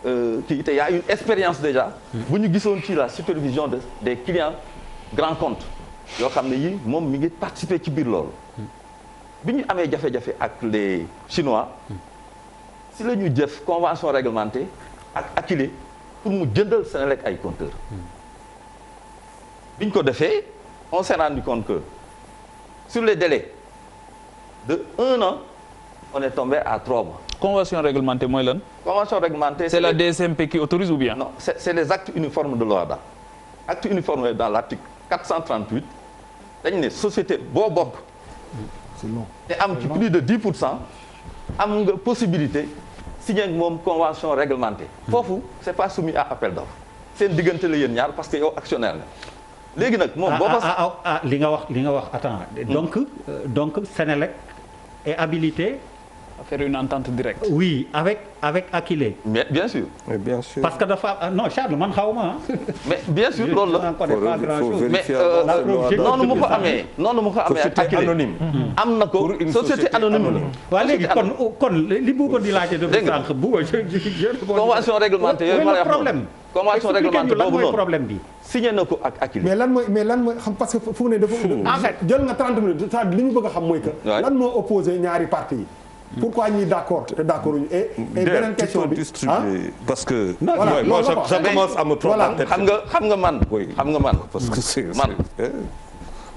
Speaker 4: euh, kii te y a une expérience déjà hmm. bu ñu gisoon ci la supervision des clients grand compte yoo xam ne yi moom mi ngi participer ci biir lool bi ñu amee jafe-jafe ak les chinois si la ñu jëf convention réglementée ak Akilee pour mu jëndal Senelec ay compteurs bi ñu ko defee on s'est rendu compte que sur les délais de un an on est tombé à trois mois.
Speaker 5: convention réglementée mooy lan.
Speaker 4: convention réglementée c'est la
Speaker 5: DSMP qui autorise ou
Speaker 4: bien. non c'est, les actes uniformes de l'OHADA actes uniformes dans l'article 438 dañ ne société boo bokk. c'est long am ci plus de 10 pour cent am nga possibilité signer ak moom convention réglementée. Hmm. foofu c'est pas soumis à appel d'offre seen diggante la yéen ñaar parce que yow actionnaire nga. léegi nag moom ah, boo ah, ah,
Speaker 1: ah li nga wax li nga wax attends hmm. donc euh, donc Sénélec est abilité faire avec avec parce que dafa euh, Charles man xawma mais bien sûr loolu la. mais euh, noonu mu ko amee.
Speaker 2: noonu mu ko amee anonyme. Mm-hmm.
Speaker 1: am na
Speaker 4: ko société anonyme. waa léegi kon li bu ko di laajte dafa sànq convention réglementaire yooyu ma lay problème. convention réglementaire boobu noonu problème bi. signé na ko ak Akile. mais
Speaker 6: lan mooy mais lan mooy xam parce que fu mu ne dafa. en fait nga 30 minutes li ñu bëgg a xam mooy que. lan moo opposé ñaari parti yi. pourquoi ñuy d' accord te ñu et. et beneen question ah?
Speaker 4: parce que. non voilà ouais, moi, commence à me tromper xam nga xam nga man. xam nga man parce que c' est man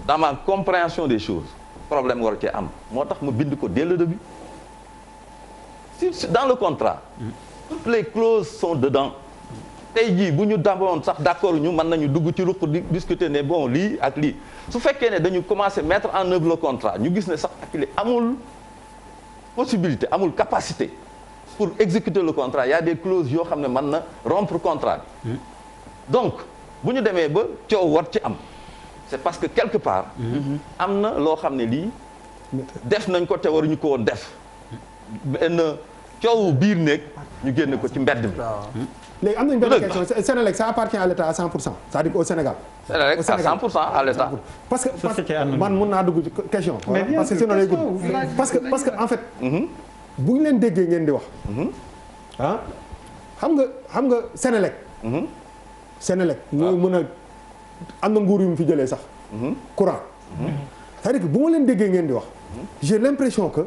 Speaker 4: dans compréhension des choses problème war cee am moo tax ma bind ko dès le début dans le contrat. toutes les clauses sont dedans. tey jii bu ñu daboon sax d' accord ñu mën nañu dugg ci ruq di discuter ne bon lii ak lii su fekkee ne dañu commencé mettre en œuvre le contrat ñu gis ne sax ak amul. possibilité amul capacité pour exécuter le contrat il y a des clauses yoo xam ne mën na rompre contrat bi mm. donc bu ñu demee ba coow war ci am c'est parce que quelque part mm. mm-hmm. am na loo xam ne lii def nañ ko te waruñu ko woon def mm. coowu biir néeg ñu génn ko ci mbedd mi. Hmm?
Speaker 6: léegi am nañu benn question Sénélec ça appartient à l'État à 100 pour cent cest à au Sénégal. parce que parce que man mun naa dugg ci question. parce que sinon parce que en fait. Mm-hmm. bu ñu leen déggee ngeen di wax. Mm-hmm. ah xam nga xam nga Sénélec. Mm-hmm. Sénélec ñooy ah. mën a am na nguur yu mu fi jëlee sax. courant. c'est-à-dire que bu ma leen déggee ngeen di wax. j'ai l'impression que.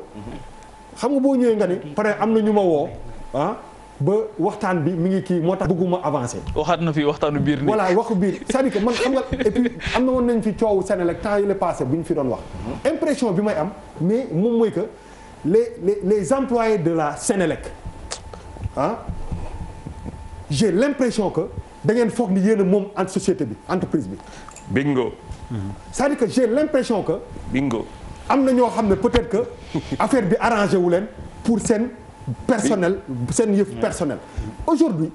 Speaker 6: xam nga boo ñëwee nga ni pare am na ñu ma woo ah ba waxtaan bi mu ngi kii moo tax bëgguma avancer.
Speaker 5: waxaat na fi waxtaanu biir nii. voilà
Speaker 6: waxu biir c'est-à-dire que man xam nga et puis am na woon nañ fi coowu Senelec temps yële passé bu ñu fi doon wax. impression bi may am mais moom mooy que les les les employés de la Senelec ah j'ai l'impression que da ngeen foog ni yéen a moom entre société bi entreprise bi. bingo. c'est-à-dire que l'impression que. bingo. am na ñoo xam ne peut-être que affaire bi arrangé wu leen pour seen personnel seen yëf personnel aujourd'hui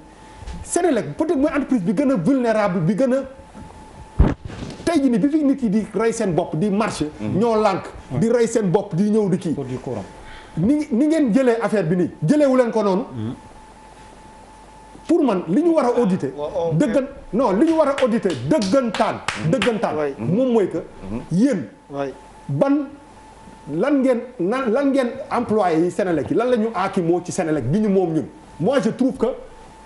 Speaker 6: Sénélec peut-être mooy entreprise bi gën a vulnérable bi gën a tey jii nii bi fi nit yi di rey seen bopp di marché mm. ñoo lànk di rey seen bopp di ñëw di kii ni ni ngeen jëlee affaire bi nii jëleewu leen ko noonu mm. pour man li ñu war a auditer ah, dëggan non li ñu war a auditer dëggantaan mm. dëggantaan moom mooy que yéen ban lan ngeen nan lan ngeen employé yi Sénélec yi lan la ñu aaki moo ci Sénélec bi ñu moom ñun moi je trouve que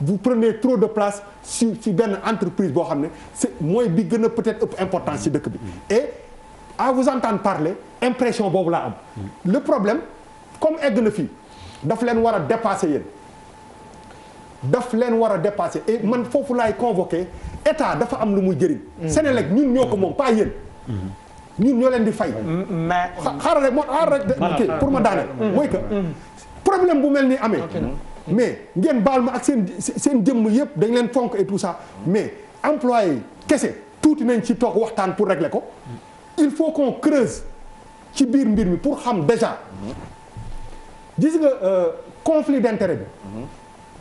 Speaker 6: vous prenez trop de place sur si benn entreprise boo xam ne c'est mooy bi gën a peut-être ëpp importance ci dëkk bi et à vous parler impression boobu laa am le problème comme egg na fii daf leen war a dépasser yéen daf leen war a dépasser et man foofu laay convoqué état dafa am lu muy jëriñ mm. Sénélec ñun ñoo ko moom pas yéen mm-hmm. ñun ñoo leen di fay. Mm, mm, mais xaaral rek moo xaaral rek pour ma daaneel. Mm, mooy que problème bu mel ni amee. mais ngeen baal ma ak seen seen jëmm yëpp dañ leen fonk et tout ça mais employé kese tuuti nañ ci toog waxtaan pour régler ko. il faut qu'on creuse ci biir mbir mi pour xam déjà gis nga euh, conflit d'intérêt bi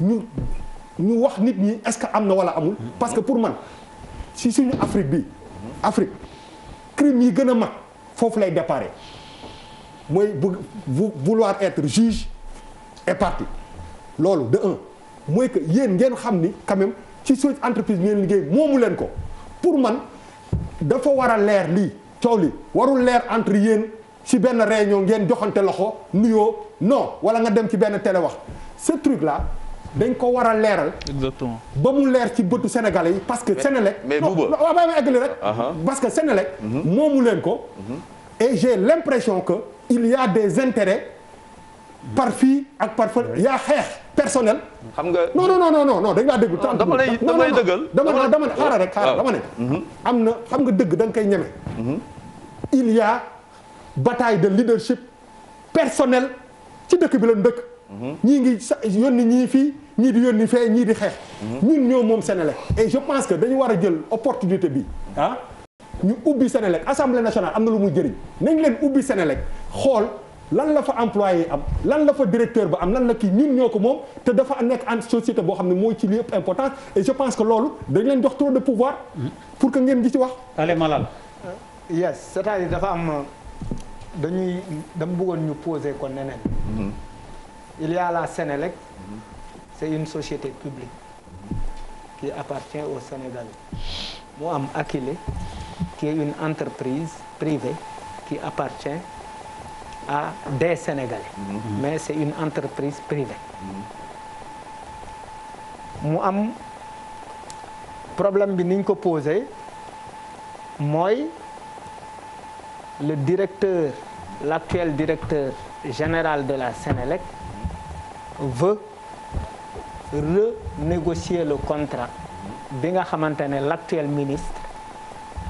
Speaker 6: mm-hmm. ñu ñu wax nit ñi est-ce que am na walla amul mm-hmm. parce que pour man si suñu Afrique bi
Speaker 2: mm-hmm.
Speaker 6: Afrique crime yi gën a mag foofu lay dépare mooy bu vouloir être juge et partie loolu de un mooy que yéen ngeen xam ni quand ci suñu entreprise ngeen liggéey moomu leen ko pour man dafa war a leer lii coow li warul leer entre yéen ci benn réunion ngeen joxante loxo nuyoo non wala nga dem ci benn télé wax ce truc dañ ko war a leeral. exactement ba mu leer ci bëtu Sénégalais yi parce que. Sénélec mais non waaw bàyyi rek. Ah, ah. parce que Sénélec. Mhm. moomu leen ko. Mhm. et j'ai l'impression que il y des intérêts par fii ak par fële y a xeex personnel. xam nga non non non non non dañ laa déglu. Ah, dama lay dama lay dëggal dama ne xaaral rek xaaral dama ne. Mhm. am na xam nga dëgg da nga koy ñeme. il y a de leadership personnel ci dëkk bi lañ dëkk. ñii ngi sa yónni ñii fii ñii di yónni fee ñii di xeex. Mhm. ñun ñoo moom Sénélec et je pense que dañu war a jël opportunité bi ah ñu ubbi Sénélec assemblée nationale am na lu muy jëriñ nañ leen ubbi Sénélec xool. lan la fa employé am lan la fa directeur bi am lan la kii ñun ñoo ko moom te dafa nekk en société boo xam ne mooy ci li ëpp importance et je pense que loolu dañ leen jox trop de pouvoir pour que ngeen
Speaker 3: di ci wax. allez Malal. Euh, yes c'est-à-dire dafa am dañuy dama bëggoon ñu poser ko neneen. Mhm. il y la Sénélec mhm. c'est une société publique qui appartient au Sénégalais moo am Akilee qui est une entreprise privée qui appartient à des Sénégalais mhm. Mhm. mais c'est une entreprise privée mu am problème bi niñ ko posé mooy le directeur l'actuel directeur général de la Sénélec veut renégocier le contrat bi nga xamante ne l'actuel ministre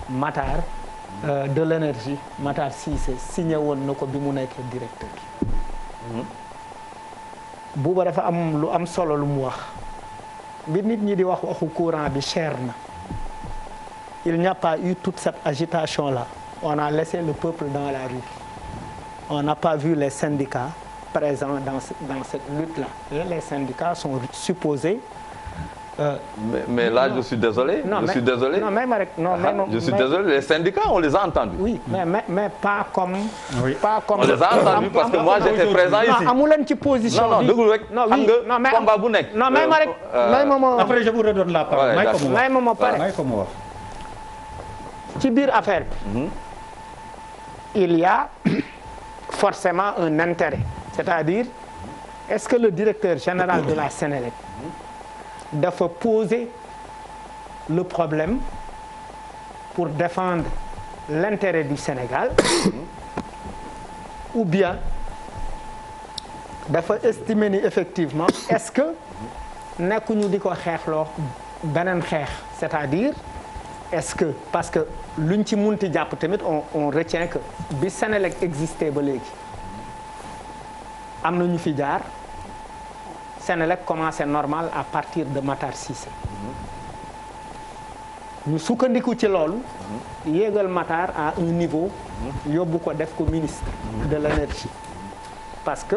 Speaker 3: Matar euh, de l'énergie Matar Cissé signe woon na ko bi mu nekkee directeur buuba dafa am lu am solo lu mu wax bi nit ñi di wax waxu courant bi cher na il n'y a pas eu toute cette agitation là on a laissé le peuple dans la rue on n'a pas vu les syndicats présents dans, cette lutte-là. Les syndicats sont supposés euh,
Speaker 4: mais, là, je suis désolé. Ah, je suis désolé. Les syndicats, on les a entendus. Oui,
Speaker 3: mais, mais, pas comme. Oui. Pas comme on les a entendus parce que moi, j'étais présent ici. Non, ci position. Non, non, déglu nekk. Non, euh, euh, may ma affaire bi. Mhm. Il y a forcément un intérêt. c'est-à-dire est-ce que le directeur général de la Sénélec dafa poser le problème pour défendre l'intérêt du Sénégal ou bien dafa estimer ni effectivement est-ce que nekkuñu di ko xeexloo beneen xeex c'est-à-dire est-ce que parce que luñ ci munti jàpp tamit on on retient que bi Sénélec existé ba léegi am na ñu fi jaar Senelec commencé normal à partir de Matar Cissé mhm. ñu sukkandiku ci loolu
Speaker 2: mhm.
Speaker 3: yéegal Matar à un niveau mhm. yóbbu ko def ko ministre de l'énergie parce que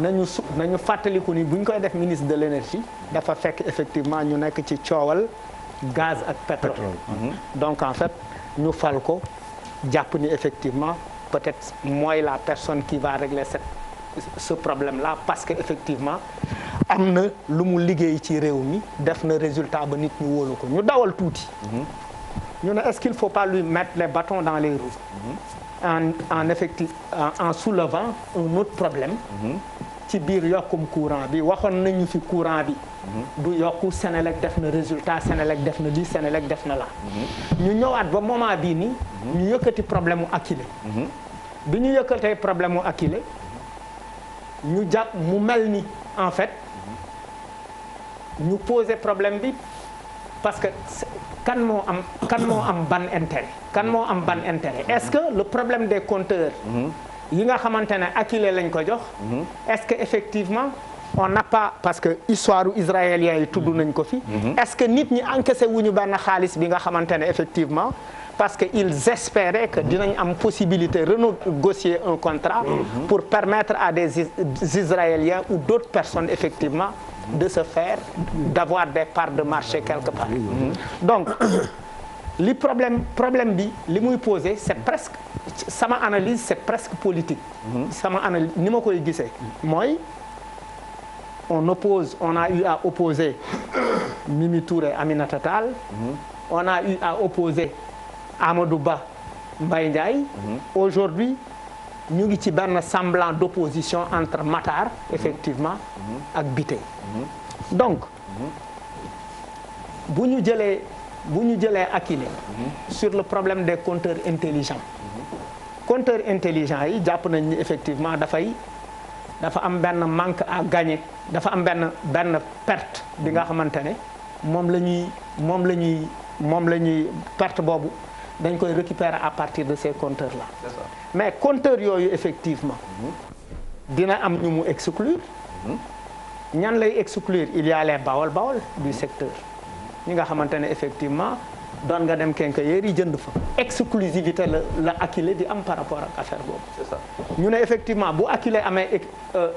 Speaker 3: nañu su nañu fàttaliku ni bu ñu koy def ministre de l'énergie dafa fekk effectivement ñu nekk ci coowal gaz ak pétrole donc en fait ñu fal ko jàpp ni effectivement peut-être mooy la personne qui va régler cette ce problème la parce que effectivement am na lu mu liggéey ci réew mi def na résultat ba nit ñu wóolu ko ñu dawal tuuti. Mhm. ñu ne est-ce qu'il faut pas lui mettre les bâtons dans les roues. Mhm. en en effectif en, en soulevant un autre problème. Mhm. ci biir yokkum courant bi waxoon nañu fi courant bi. du yokku senelek def na résultat Senelec def na lii senelek def na la ñu ñëwaat ba moment bii nii. ñu yëkkati problème mu Akilee. bi ñu yëkkatee problème mu Akilee. ñu jàpp mu mel ni en fait ñu poser problème bi parce que kan moo am kan moo am ban intérêt kan moo am ban intérêt est-ce que le problème des conteur mhm. yi nga xamante ne Akile lañ ko jox mhm. est-ce que effectivement on n'a pas parce que histoire israélien yi tudd mhm. nañ ko fi est-ce que nit ñi encaissé wuñu benn xaalis bi nga xamante ne effectivement parce qu'ils espéraient que dinañ am possibilité renégocier un contrat mhm. pour permettre à des Israéliens ou d'autres personnes effectivement de se faire d'avoir des parts de marché quelque part mhm. donc li problème problème bi li muy posé c'est presque sama analyse c'est presque politique mhm. sama analyse ni ma koy gisee mooy on oppose on a eu à opposer Mimi Touré Aminata on a eu à opposer Amadou Ba Mbaye Ndiaye mhm. aujourd'hui ñu ngi ci benn semblant d'opposition entre Matar mhm. effectivement mhm. ak Bitèye donc bu ñu jëlee bu ñu jëlee Akilee sur le problème des compteurs intelligents compteurs intelligents yi jàpp nañ ni effectivement dafay dafa am benn manque à gagner dafa am benn benn perte bi nga xamante ne moom la ñuy moom la ñuy moom la ñuy perte boobu dañ koy récupérer à partir de ces compteurs la mais compteurs yooyu effectivement mhm. dina am ñu mu exclure
Speaker 2: mhm.
Speaker 3: ñan lay exclure il y a les bawol bawol du secteur mhm. ñi nga xamante ne effectivement doon nga dem quincaillerie yi jënd fa exclusivité la la Akilee di am par rapport ak affaire boobu c'est ça ñu ne effectivement bu Akilee amee euh,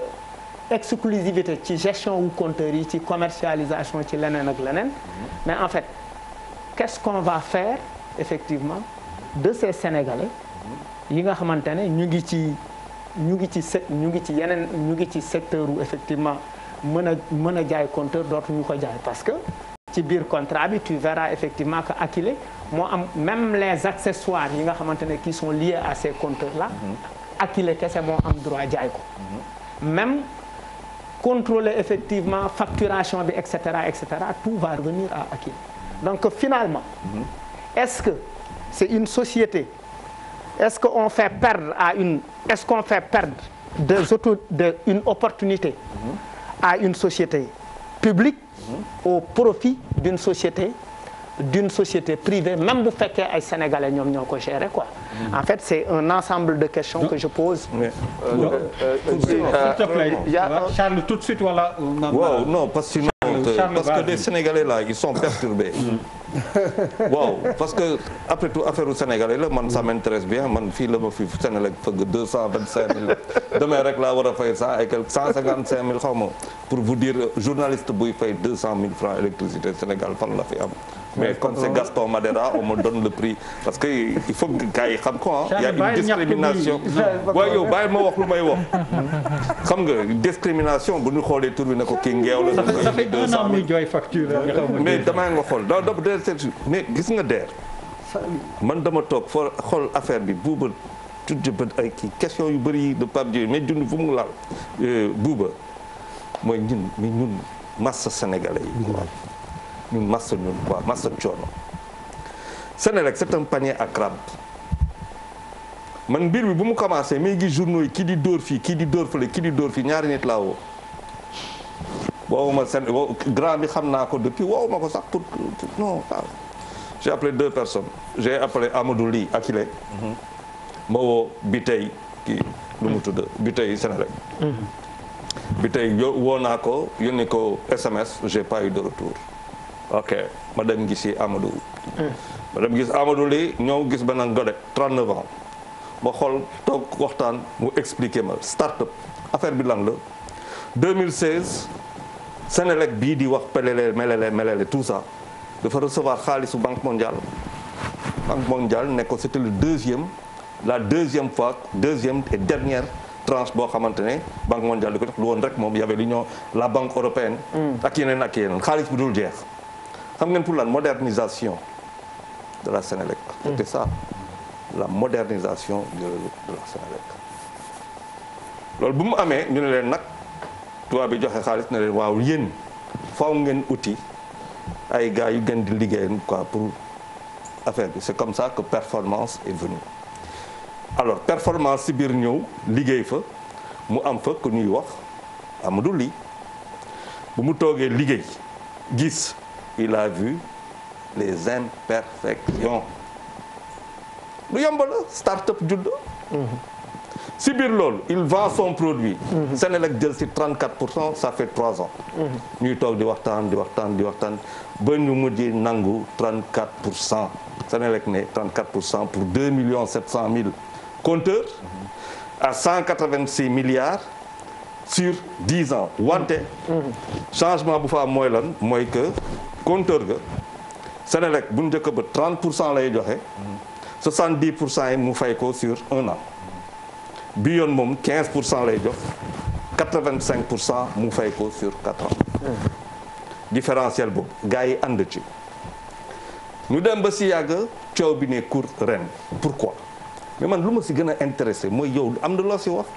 Speaker 3: exclusivité ci gestion wu compteurs yi ci commercialisation ci leneen ak leneen mais en fait qu'est-ce qu'on va faire effectivement de ces sénégalais yi nga xamante ne ñu ngi ci ñu ngi ci se ñu ngi ci yeneen ñu ngi ci secteur wu effectivement mën a mën a jaay compteur dootuñu ko jaay parce que ci biir contrat bi tu verras effectivement que Akile moo am même les accessoires yi nga xamante ne qui sont liés à ces la là mm-hmm. Akile kese moo am droit jaay ko
Speaker 2: mm-hmm.
Speaker 3: même contrôler effectivement facturation bi et cetera et cetera tout va revenir à Akile mm-hmm. donc finalement Est-ce que c'est une société Est-ce qu'on fait perdre à une est-ce qu'on fait perdre de, une opportunité à une société publique au profit d'une société d'une société privée même bu fekkee ay sénégalais ñoom ñoo ko gérer quoi. Mm-hmm. en fait c'est un ensemble de questions que je pose.
Speaker 1: tout de suite voilà. waaw non parce que. parce que les Sénégalais
Speaker 7: là ils sont perturbés. waaw parce que après tout affaire u Sénégalais la man ça m'intéresse bien fii la ma fi Sénélec fëgg cent vingt cinq mille demain rek laa war a fay cent et quelque cent cinquante cinq mille xaw ma pour vous dire journaliste buy fay deux cent mille francs électricité Sénégal fan la fi am. mais comme c'est Gaston Madera on me donne le prix parce que il faut que yi xam ko ah. y a une discrimination waaye yow bàyyi ma wax lu may wax. xam nga discrimination bu ñu xoolee tur bi ne ko kii ngeew la. ça fait un an muy
Speaker 1: jooy facture euh, mais
Speaker 7: nga xool da da mais gis nga DER. man dama toog foo xool affaire bi buuba tudde ba ay kii question yu bëri yi de Pape Diop mais junni fu mu laal euh, buuba mooy ñun mais ñun masse sénégalais ñu massa ñun quoi massa coono Senelec c'est un panier à crabe man mbir bi bu mu commencé may gi journaux yi kii di dóor fii kii di dóor fële kii di dóor fii ñaari nit laa woo woowuma seen grand bi xam naa ko depuis woowuma ko sax pour non waaw j'ai appelé deux personnes j'ai appelé Amadou Ly Akile ma woo bi kii lu mu tudd bi tey Senelec mm-hmm. bi woo naa ko yónni ko SMS j'ai pas eu de retour ok ma dem gisi Amadou. Hmm. ma gis Amadou li ñoo gis ba benn gone 39 ans ma xool toog waxtaan mu expliqué ma start-up affaire bi lan la 2016 Sénélec bii di wax pelele melele melele tout ça dafa recevoir xaalisu Banque mondiale Banque mondiale ne ko c'était le deuxième la deuxième fois deuxième et dernière tranche boo xamante ne Banque mondiale di ko jox lu woon rek moom y avait l'union la Banque européenne. Hmm. ak yeneen ak yeneen xaalis bu dul jeex. xam ngeen pour la modernisation de la Sénélec. c'était mm. ça la modernisation de la Sénélec. loolu bu mu amee ñu ne leen nag tubaab bi joxe xaalis ne leen waaw yéen faaw ngeen uti ay gars yu gën di liggéey quoi pour affaire bi c'est comme ça que performance est venue alors performance si biir ñëw liggéey fa mu am fa ku ñuy wax Amadou Ly bu mu toogee liggéey gis il a vu les imperfections lu yomb la start biir loolu il vend son produit Senelec jël si 34 pour cent ça fait trois ans ñuy di waxtaan di waxtaan di waxtaan ba ñu mujj nangu 34 pour cent Senelec ne 34 pour cent pour 2 millions 700 mille compteurs à 186 milliards sur dix ans wante changement bu fa am mooy lan mooy que compteur ga Senelec bu njëkk ba trent pour cent lay joxe 70 pour cent yi mu fay ko sur un an bi yoon moom 15 pour cent lay jox cinq pour cent mu fay ko sur quatre ans différentiel boobu gars yi ànd ci ñu dem ba si yàgg coow bi ne cour ren pourquoi mais man lu ma si gën a intéressé mooy yow am na loo si wax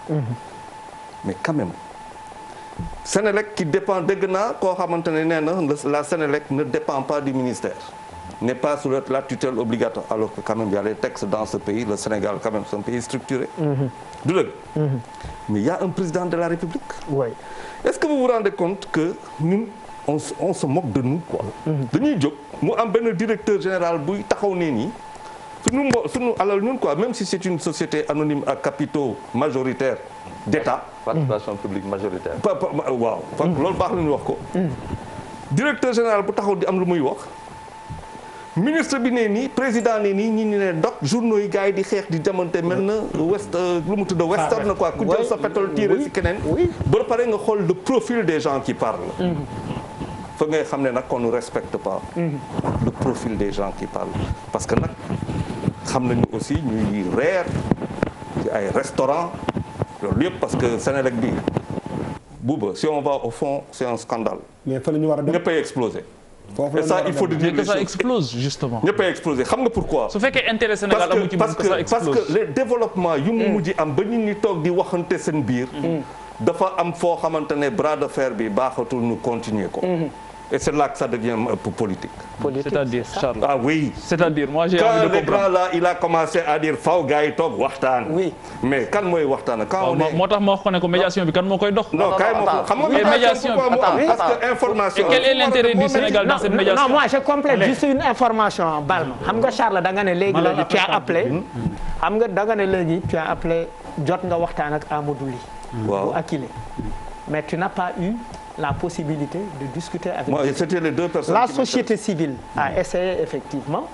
Speaker 7: mais quand même Sénélec qui dépend dëgg naa koo xamante ne nee na la Sénélec ne dépend pas du ministère n'est pas sous la tutelle obligatoire alors que quand même y a les textes dans ce pays le Sénégal quand même c'est un pays structuré mm-hmm. du dëgg mm-hmm. mais y a un président de la République oui. est-ce que vous vous rendez compte que ñun on se moque de nous mm-hmm. jóg mu am benn directeur général buy taxaw nee nii suñu mbo suñu alal ñun quoi même si c'est une société anonyme à capitaux majoritaires d'État participation publique majoritaire. waaw. Mm. loolu baax na ko. Mm. directeur général bu taxaw di am lu muy wax. ministre bi ne nii président ne nii ñi ñu ne ndox journaux yi gars yi di xeex di jamante mel na west euh, lu mu tudd western quoi ku jël sa pétrole tiré si keneen ba pare nga xol de profil des gens qui parlent mm. fa ngay xam ne nag qu'on ne respecte pas
Speaker 2: le
Speaker 7: profil des gens qui parlent parce que nag xam nañu aussi ñuy reer ci ay restaurant loolu yëpp parce que Sénélec bi buuba si on va au fond c'est un scandale.
Speaker 6: mais fa la ñu war a
Speaker 7: explosé. foofu a dem et ça il faut dire que ça
Speaker 5: explose justement. ñëppay explosé xam nga pourquoi. su fekkee intérêt Sénégal amu ci parce que parce que
Speaker 7: mu mm. mujj am ba ñu ni toog di waxante seen biir. Mm. dafa am foo xamante ne bras de fer bi baaxatul ñu continuer ko. Mm-hmm. Et c'est là que ça devient un peu politique. politique
Speaker 5: c'est-à-dire Charles. Ah c'est-à-dire moi j'ai
Speaker 7: a commencé à dire faw gars yi waxtaan. oui mais kan mooy waxtaan. moo
Speaker 5: tax ma wax ko ne ko médiation bi kan moo koy dox. non kay moo xam nga médiation bi parce que information. et quel est
Speaker 3: l'intérêt du Sénégal dans cette médiation. Balma. xam nga Charles da nga ne léegi léegi tu as appelé. Hmm. xam nga nga ne léegi tu as appelé jot nga waxtaan ak Amadou
Speaker 7: Ly.
Speaker 3: mais tu n'as pas eu. la possibilité de discuter avec Moi, c'était les La société civile à mmh. essayé effectivement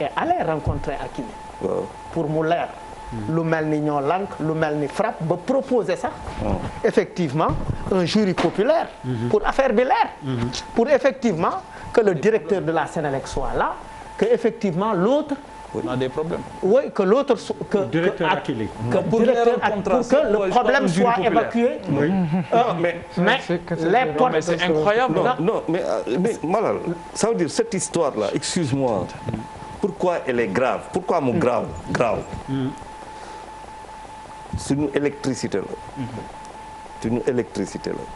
Speaker 3: et allait rencontrer Akine wow. pour mu leer hmm. lu mel ni ñoo lank lu mel ni frappe ba proposer sax hmm. effectivement un jury populaire hmm. pour affaire bi leer pour effectivement que le directeur de la Sénélec soit là que effectivement l'autre
Speaker 5: on a des problèmes.
Speaker 3: Oui, que l'autre que, que, que pour que le problème soit évacué. Oui. Euh, mais mais les portes c'est incroyable.
Speaker 7: mais euh, mais Malal, ça veut Pourquoi elle est grave? Pourquoi mu grave grave? suñu électricité la. la.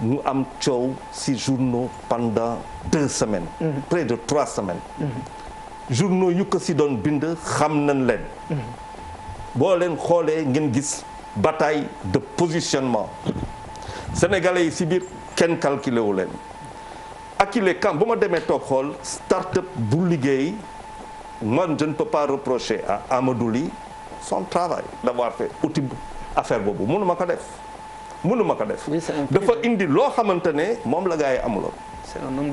Speaker 7: mu am coow ci journaux pendant deux semaines. Mm-hmm. près de trois semaines. Mm-hmm. journaux yu ko si doon bind xam nañ leen boo leen xoolee ngeen gis bataille de positionnement sénégalais yi si biir kenn calculé wu leen Akile Kamb bu ma demee toog xool start-up bu liggéey man je ne peux reprocher à Amadou Ly son travail d'avoir fait outil affaire boobu mënu ma ko def mënuma ko def dafa indi loo xamante ne moom la gars yi amuloon c'est un homme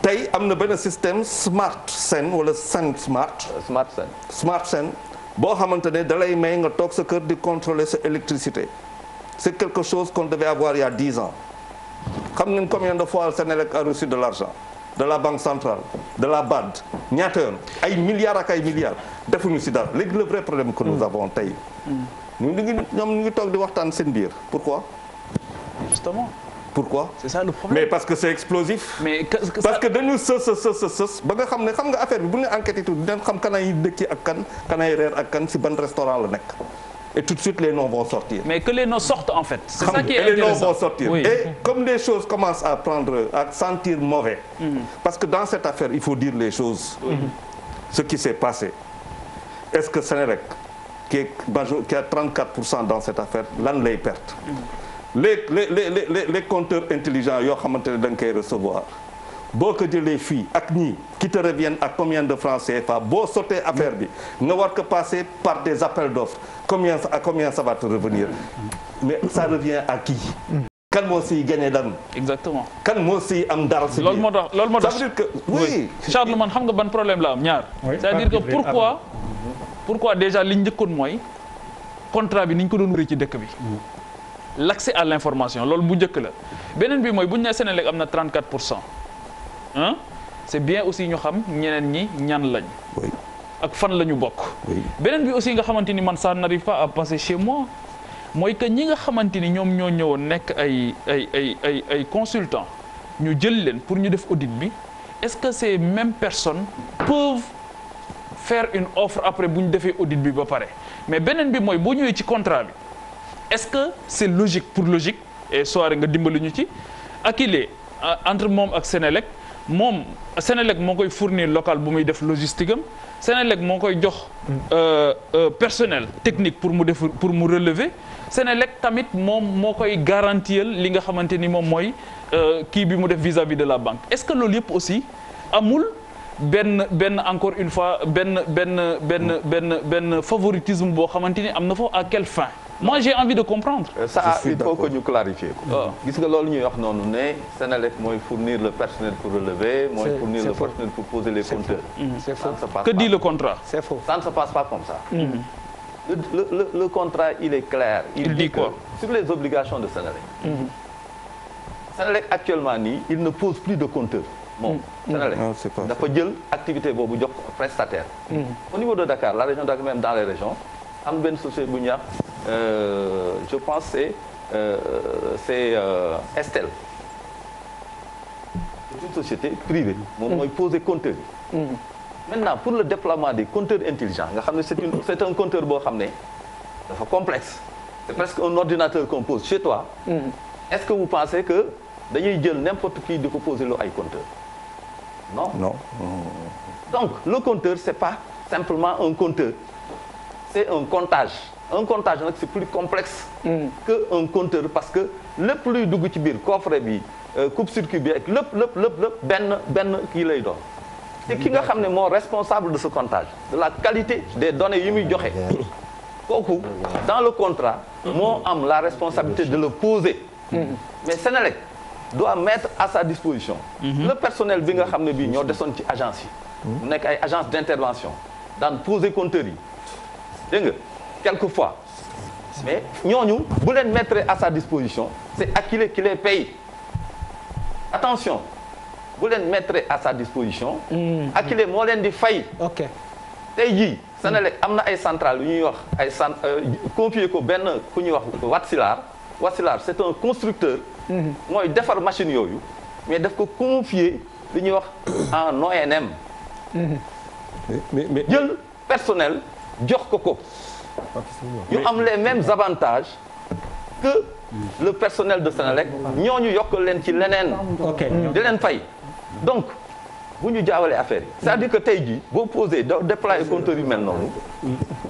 Speaker 7: tey am na benn système smart sen wala sen smart euh, smart sen smart sen boo xamante ne dalay may nga toog sa kër di contrôler sa électricité c'est quelque chose qu'on devait avoir il y a dix ans xam ngeen combien de fois Senelec a de la banque centrale de la BAD ñaata yoon ay milliards ak ay milliards defuñu ci dara léegi le vrai problème que nous mm. avons tey mm. ñu ngi ñoom ngi toog di waxtaan seen biir pourquoi justement. pourquoi c'est ça le problème mais parce que c'est explosif. mais que, que parce ça... que dañu sës xam ne xam nga affaire bi bu ñu enquêté tuuti dinañ xam kanay dëkki ak kan kanay reer ak kan si ban restaurant la nekk. et tout de suite les noms vont sortir. mais
Speaker 5: que les noms sortent en fait. c'est ça
Speaker 7: comme les choses commencent à prendre à sentir mauvais. Mhm. parce que dans cette affaire il faut dire les choses. Mm -hmm. ce qui s'est passé est-ce que Sénélec qui est qui a 34 pour cent dans cette affaire lan lay perte. Mhm. le les le les les compteurs intelligents yoo xamante ne da koy recevoir boo ko jëlee fii ak ñii qui te reviennent à de francs CFA boo sotee affaire bi nga war ko passer par des appels d'offres combien à combien ça va te revenir mais ça revient ak qui kan moo siy gagné dan exactement kan moo si am
Speaker 5: dara si loolu moo tax loolu moo tax ça veut que oui Charles man xam nga ban problème la am ñaar c'est-à-dire que pourquoi pourquoi déjà li njëkkoon mooy contrat bi ni ñu ko doon wëree ci dëkk bi l'accès à l'information loolu bu njëkk la beneen bi mooy bu ñu nee Sénélec am na 34 pour cent ah c'est bien aussi ñu xam ñeneen ñi ñan lañ. ak fan la ñu bokk. beneen bi aussi nga xamante ni man ça n'arrive pas à passer chez mooy que ñi nga xamante ni ñoom ñoo ñëwoon nekk ay ay ay ay ay consultants ñu jël leen pour ñu def audit bi est-ce que ces même personne peuvent fair une offre après bu ñu defee audit bi ba pare mais beneen bi mooy boo ñëwee ci contrat bi. est-ce que c'est logique pour logique et soirée nga dimbali ñu ci Akilee euh, entre moom ak Senelec moom Senelec moo koy fournir local bu muy def logistique am Senelec moo koy jox euh, euh, personnel technique pour mu def pour mu relever Senelec tamit moom moo koy garantir li nga xamante ni moom mooy kii bi mu def vis-à-vis de la banque est-ce que loolu yëpp aussi amul benn benn encore une fois benn benn benn benn benn favoritisme boo xamante ni am na foofu à quelle fin moi j'ai envie de comprendre.
Speaker 4: Euh, ça que ñu clarifier ko. Oh. gis nga loolu ñuy wax noonu ne Sénélec mooy fournir le personnel pour relever. mooy fournir le personnel pour poser les compteurs.
Speaker 5: Mhm. que dit
Speaker 4: le contrat. c'est faux ça ne mhm. le le le contrat il est clair. il dit quoi sur les obligations de Sénélec. Mhm. Sénélec actuellement nii il ne pose plus de compteur. moom Sénélec dafa activité boobu jox prestataire. au niveau de Dakar la région dans les régions. am benn société bu ñu euh, je pense c' est euh, c' est euh, c'est une société privée. moom mm. mooy poser compteur bi. Mm. maintenant pour le déploiement des compteurs intelligents nga xam ne c' est une c' est boo xam ne dafa complexe. c' est presque un ordinateur qu'on pose chez toi. Mm. est ce que vous pensez que dañuy jël n'importe qui di ko poser loo ay compteur non non donc le compteur c' pas simplement un compteur. c'est un comptage un contage nag c'est plus complexe mm. que un compteur parce que lépp luy dugg ci biir coffret bi euh, coupe-circuit bi ak lépp lépp lépp lépp benn benn kii lay doon ki nga xam ne moo responsable de ce comptage de la qualité des données yi muy joxe kooku dans le contrat moo am la responsabilité de le poser mm-hmm. mais Sénélec doit mettre à sa disposition mm-hmm. le personnel bi nga xam ne bii ñoo desoon ci agence yi mm-hmm. mu nekk ay agence d'intervention dans poser compteurs yi dégg nga quelquefois mais ñooñu bu leen mettre à sa disposition c'est Akilee qui les paye attention bu leen mettre à sa disposition
Speaker 2: mm. Akilee
Speaker 4: moo leen di fay ok tey jii Senelec am na ay centrale yu ñuy wax ay cent euh, confier ko benn ku ñuy wax Watsilar Watsilar c'est un constructeur mm-hmm. mooy defar machine yooyu mais def ko confier li ñuy wax en ONM
Speaker 2: mm-hmm.
Speaker 4: jël personnel jox ko ko ñu am leen mêmes avantages que le personnel de Senelec ñu yokk leen ci leneen di leen fay donc bu ñu jaawalee affaire yi c'est-à-dire que tey jii boo posé doo déployer compteur yu mel noonu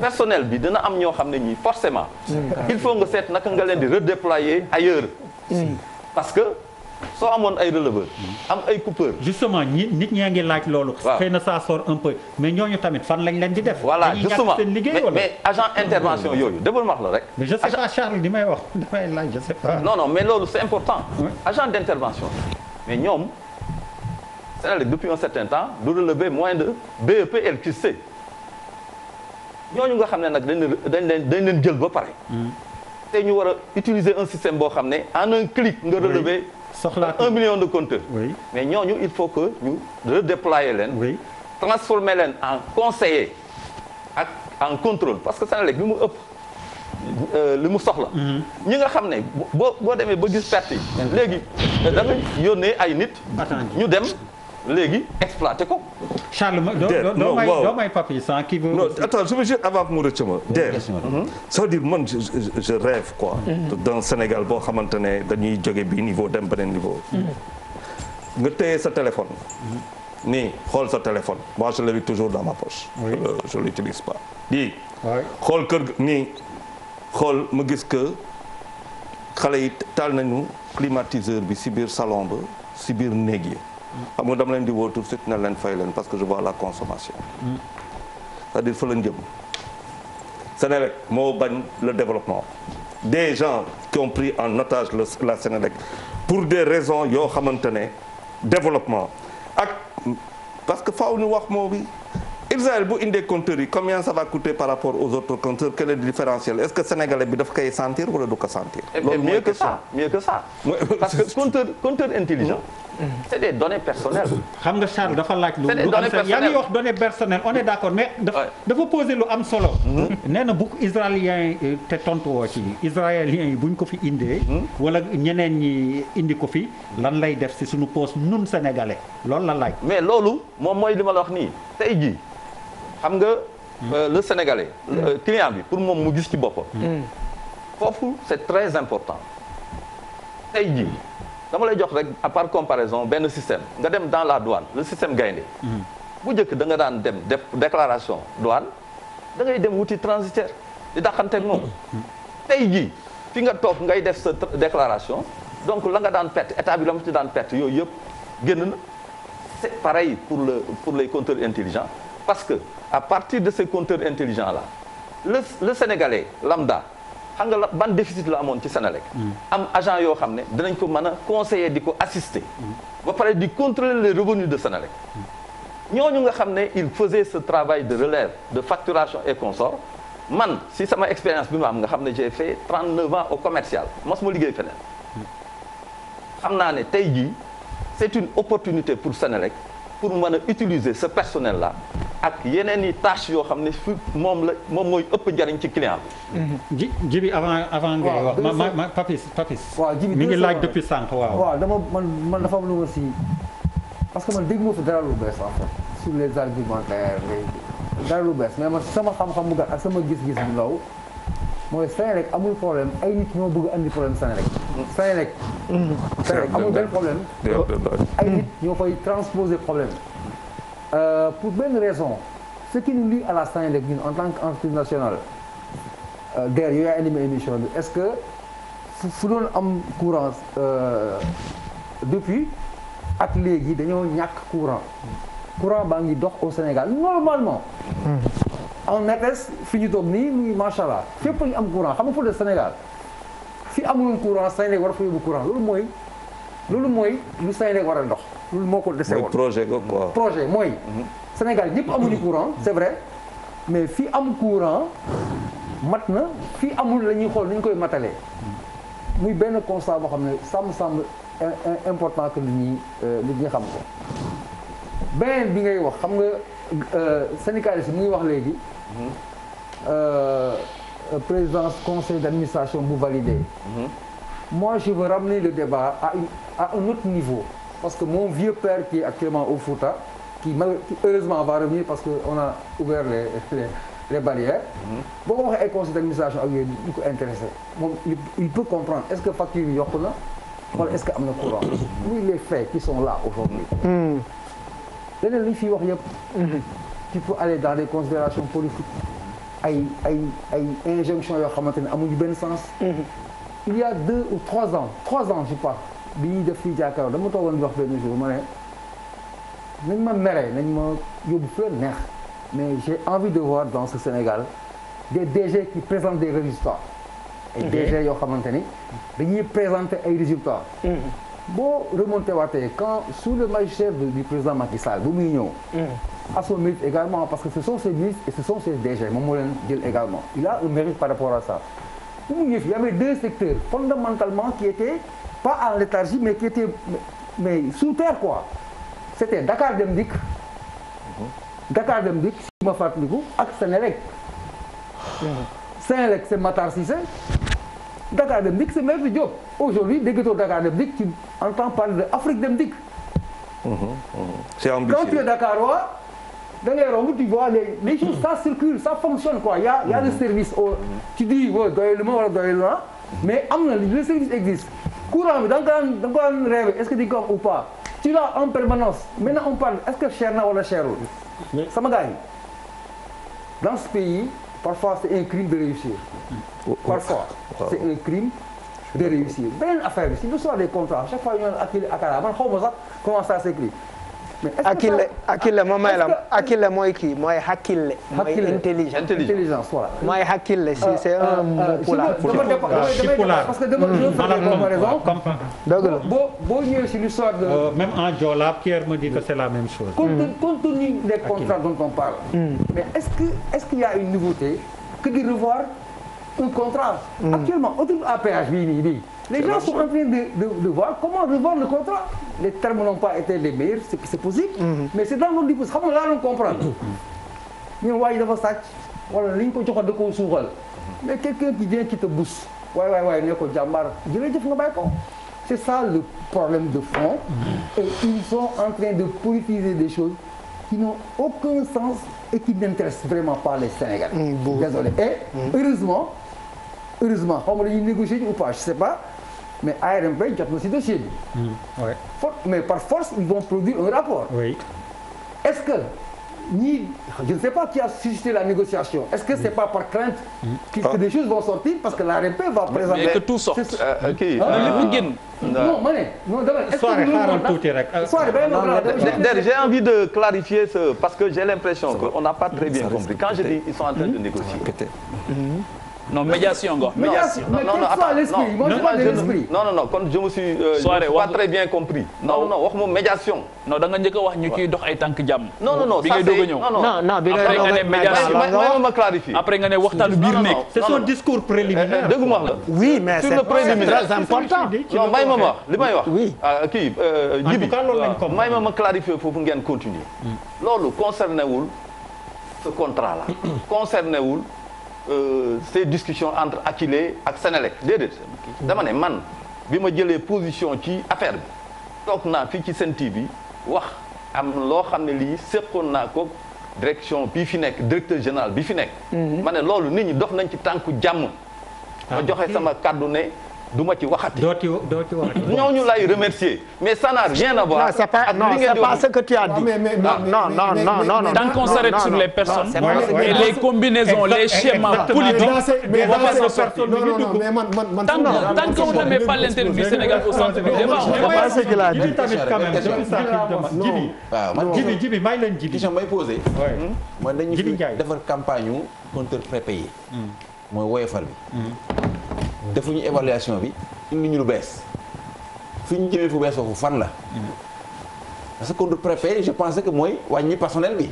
Speaker 4: personnel bi dana am ñoo xam ne ñii forcément mm. il faut nga seet naka nga leen di redéployer ailleurs mm. parce que soo amoon ay releveur
Speaker 1: am ay coupeur justement ñi nit ñaa ngi laaj loolu xëy na ça sort un peu mais ñooñu tamit fan lañ leen
Speaker 4: di def voilà justement seen liggéey intervention yooyu déglu ma wax la rek mais je sais pas Charles di may wax damay laaj je sais pas non non mais loolu c'est important agent d'intervention mais ñoom Senelec depuis un certain temps du relever moins de BEP électricité ñooñu nga xam ne nag dañ leen dañ leen jël ba pare hmm. te ñu war utiliser un système boo xam ne en un clic nga relever soxla un million de compteurs. oui mais ñooñu il faut que ñu redéployer leen. oui transformer leen en conseiller ak en contrôle parce que Senelec bi mu ëpp. Euh, li mu soxla. Mhm. ñi nga xam ne boo boo demee ba gis perte léegi da nga yónnee ay nit. ñu dem. léegi exploité ko. Charles ma doo doo may doo may papi
Speaker 7: sans qui veut. non je veux juste avant mu rëcc ma. dee mhm. ça dire man je je rêve quoi. Mhm. dans Sénégal boo xamante ne dañuy jóge bi niveau dem beneen niveau. Mhm. nga téye sa téléphone. nii xool sa téléphone moi je l'ai toujours dans ma poche. oui je l'utilise pas. di xool kër ga nii xool ma gis que xale yi taal nañu climatiseur bi si biir salon bi si biir néeg yi. xam ah, nga dama leen di woo tout de suite na leen fay leen parce que je vois la consommation cest dire fa lañ jëm Sénélec moo bañ le développement des gens qui ont pris en otage la Sénélec pour des raisons yoo xamante ne développement ak parce que faaw ñu wax moo bi Israël bu indee compteur yi combien ça va coûter par rapport aux autres compteurs quel est différentiel est-ce que sénégalais bi daf koy sentir wala du ko
Speaker 4: sentir.
Speaker 2: loolu eh, eh, mieux que ça
Speaker 4: mieux que ça. parce que am solo yaa ngi
Speaker 1: wax données personnelles on est d'accord mais. dafa poser lu am solo. Hmm? nee na bu eh, te tontu woo ci israélien yi buñ ko fi indee. Hmm? walla ñeneen ñi indi ko fi lan lay def si suñu poste ñun
Speaker 4: sénégalais loolu la laaj. mais loolu moom mooy li ma la wax nii tey jii. xam nga. Euh, le sénégalais. Mm. Euh, client bi pour moom mu gis ci boppam. Mm. Mm. foofu c'est très important. tey jii dama lay jox rek à par comparaison benn système nga dem dans la douane le système gaynde bu njëkk da nga daan dem def déclaration douane da ngay dem wuti transitaire di dàqanteeg moom. tey ji fi nga toog ngay def sa déclaration donc la nga daan perte état bi la mu ci daan perte yooyu yëpp génn na c'est pareil pour le pour les compteurs intelligents parce que à partir de ces compteurs intelligents là le le sénégalais lambda xam nga la ban déficit la amoon ci Sénélec mm. am agent yoo xam ne dinañ ko mën a conseiller di ko assister. Mm. ba pare di contrôler le revenus de Sénélec mm. ñooñu nga xam ne il faisait ce travail de relève de facturation et consort man si sama expérience bi ma am nga xam ne j'ai fait 39 ans au commercial mos ma liggéey feneen xam naa ne tey jii c'est une opportunité pour Sénélec pour mën a utiliser ce personnel la ak yeneen i tâches yoo xam ne moom la moom mooy ëpp jariñ ci client
Speaker 1: bi. Mhm. ji avant avant ngay wax ma ma Papis Papis. waaw ji bi mi ngi laaj depuis sànq waaw. waaw
Speaker 8: dama man man dafa am lu ma si parce que man dégg nga fi dara lu bees en fait sur les argumentaires dara lu bees mais man sama xam-xam bu gàtt ak sama gis-gis bu ndaw. mooy Senelec amul problème ay nit ñoo bëgg andi problème Senelec. Senelec. Senelec amul benn problème. ay nit ñoo fay transposer problème. Euh, pour benn raison ce qui nous lie à la Senelec ñun en tant qu'entreprise nationale. Euh, der yooyu yaa animé émission bi est-ce que fu doon am courant euh, depuis ak léegi dañoo ñàkk courant. courant baa ngi dox au Sénégal normalement. Hmm. en RTS fi ñu toog nii muy macha allah fépp ñu am courant xam nga fu de Sénégal fi amuloon courant Sénégal war fa yóbbu courant loolu mooy loolu mooy lu Sénégal war a dox loolu moo ko dese woon projet quoi mooy. Hmm. Sénégal ñëpp amuñu courant c'est vrai mais fi am courant mat na fi amul la ñuy xool ni koy matale muy benn constat boo xam ne sàmm sàmm important que li ñuy li ñuy xam ko. beneen bi ngay wax xam nga euh, syndicaliste mu ngi wax léegi euh, présidence conseil d'administration bu validé moi je veux ramener le débat à une, à un autre niveau parce que mon vieux père qui est actuellement au Fouta qui heureusement va revenir parce que on a ouvert les barrières boo ko waxee ay conseil d'administration ak yooyu ñu ko intéressé il peut comprendre est-ce que facture yi yokk na wala est-ce que am na courant oui les faits qui sont là aujourd'hui hmm. leneen li ñu fiy wax yëpp. tu peux aller dans des considérations politiques ay ay ay injonction yoo xamante ne amuñu benn sens. il y a deux ou trois ans trois ans je crois bi ñuy def fii jàkkaarloo dama toogoon di wax benn jour ma ne nañ ma meree nañ ma yóbbu fu leen neex mais j'ai envie de voir dans ce Sénégal des DG qui présentent des résultats. ay DG yoo xamante ni dañuy présenter ay résultats. Mm-hmm. boo remonté waatee quand sous le magistère du président Macky Sall bu muy ñëw. son mérite également parce que ce sont ses ministres et ce sont ses DG moom moo leen également il a mérite par rapport à ça. bu mu ñëw il y avait deux secteurs fondamentalement qui étaient pas en léthargie mais qui étaient mais sous terre quoi c'était Dakar Dem Dikk.
Speaker 2: Mm-hmm.
Speaker 8: Dakar Dem Dikk si ma fàttaliku ak Senelec. Mm-hmm. Senelec c'est Matar Cissé. Dakar Dem Dikk c'est Maître Diop aujourd'hui déggatoo Dakar Dem Dikk tu entends parler de Afrique Dem Dikk.
Speaker 7: c'est ambitieux quand tu es
Speaker 8: Dakarois da ngay romb tu vois choses ça circule fonctionne quoi y a y a le service au tu dis wa ma wala doyul ma mais am na le service existe courant bi da nga da nga ko est-ce que di nga ko am ou pas tu l'as en permanence maintenant on parle est-ce que cher na wala cherul sama gars yi dans ce pays parfois c'est un crime de réussir parfois c'est un crime beneen affaire bi si l'histoire des contrats chaque fois ñu naan akili akara man xaw ma sax comment ça akille akille moom mooy mooy kii mooy hakkille. hakkille
Speaker 3: mooy intelligence intelligence voilà. mooy hakkille si euh, c'est un euh, mot euh, pulaar. parce que
Speaker 8: dama hmm.
Speaker 1: dëgg la boo boo ñëwee si l'histoire de. même en Joola Pierre me dit que c'est la même chose. compte
Speaker 8: hmm. des contrats dont on parle. Hmm. mais est-ce que est-ce qu'il une nouveauté que de revoir un contrat. actuellement autoroute à péage bii nii Les gens sont en train de, de, de, voir comment revendre le contrat. Les termes n'ont pas été les meilleurs, c'est possible, mhm. mais c'est dans l'ordre du pouce. Xam nga comprendre. dafa sàcc wala li ko joxoon da koo suuxal mhm. mais quelqu'un qui vient qui te bousse waay waay waay jàmbaar jërëjëf nga bàyyi ko. C'est ça le problème de fond. Mhm. Et ils sont en train de politiser des choses qui n'ont aucun sens et qui n'intéressent vraiment pas les Sénégalais. Mm, Désolé. Et mm. heureusement, heureusement, xaw ma dañuy négocier ou pas, je sais pas. mais ARMP jot na si dossier bi. oui for mais par force ils vont produire un rapport. oui est-ce que ñii je ne sais pas qui a suscité la négociation est-ce que c'est pas par crainte. Hmm. que des choses vont sortir parce que l'ARMP va présenter. mais que tout
Speaker 5: sorte euh, kii. Ah. non ma
Speaker 8: ne non dama est-ce que xaaral tuuti
Speaker 5: rek.
Speaker 4: j'ai envie de clarifier ce parce que j'ai l'impression que on n'a pas très bien compris quand je dis ils sont en train de hmm? négocier. non médiation nga wax. médiation non non non non non non kon je me suis. Euh, soirée pas très bien compris. non non wax mu médiation.
Speaker 5: non da nga njëkk a wax ñu ciy dox ay tànk jàmm. non non non bi ngay doog a ñëw. non non bi ngay doog a ñëw médiation ma ma clarifier. après nga ne waxtaanu biir nekk. c'est son
Speaker 3: discours préliminaire. Eh, eh, dëgg ma wax la. oui mais c'est très important. non may ma ma
Speaker 4: li may wax. oui ah, kii euh, Djibi may ma ma clarifier foofu ngeen continuer. Mm. loolu concerné wul ce contrat là. concerné wul. Euh, ces discussions entre Akilee ak Sénélec déedéet dama ne man bi ma jëlee position ci affaire bi toog naa fii ci Sen TV wax am loo xam ne lii séqoon naa ko direction bii fi nekk directeur général bi fi nekk mhm. ma ne loolu nit ñi dox nañ ci tànku jàmm ah. ma joxe sama kàddu ne du ma ci waxati. doo ci doo ci waxati. ñooñu lay remercier mais ça n'a rien à voir. non c'est pas non
Speaker 3: c'est pas ce que tu as dit. non non non non non. tant qu'on s'arrête sur les personnes. et les combinaisons les schémas politiques. mais
Speaker 5: man man tant qu'on ne met pas l'intérêt du Sénégal au centre du débat.
Speaker 1: jibi jibi may leen jibi. question may posé. Hmm? mooy dañu fi defar campagne
Speaker 4: contre prépayé. Hmm. mooy woyofal bi.
Speaker 2: Hmm.
Speaker 4: defuñu évaluation bi indi ñu lu bees fi ñu jëmee fu bees foofu fan la parce que contre préfet je pense que mooy wàññi personnel bi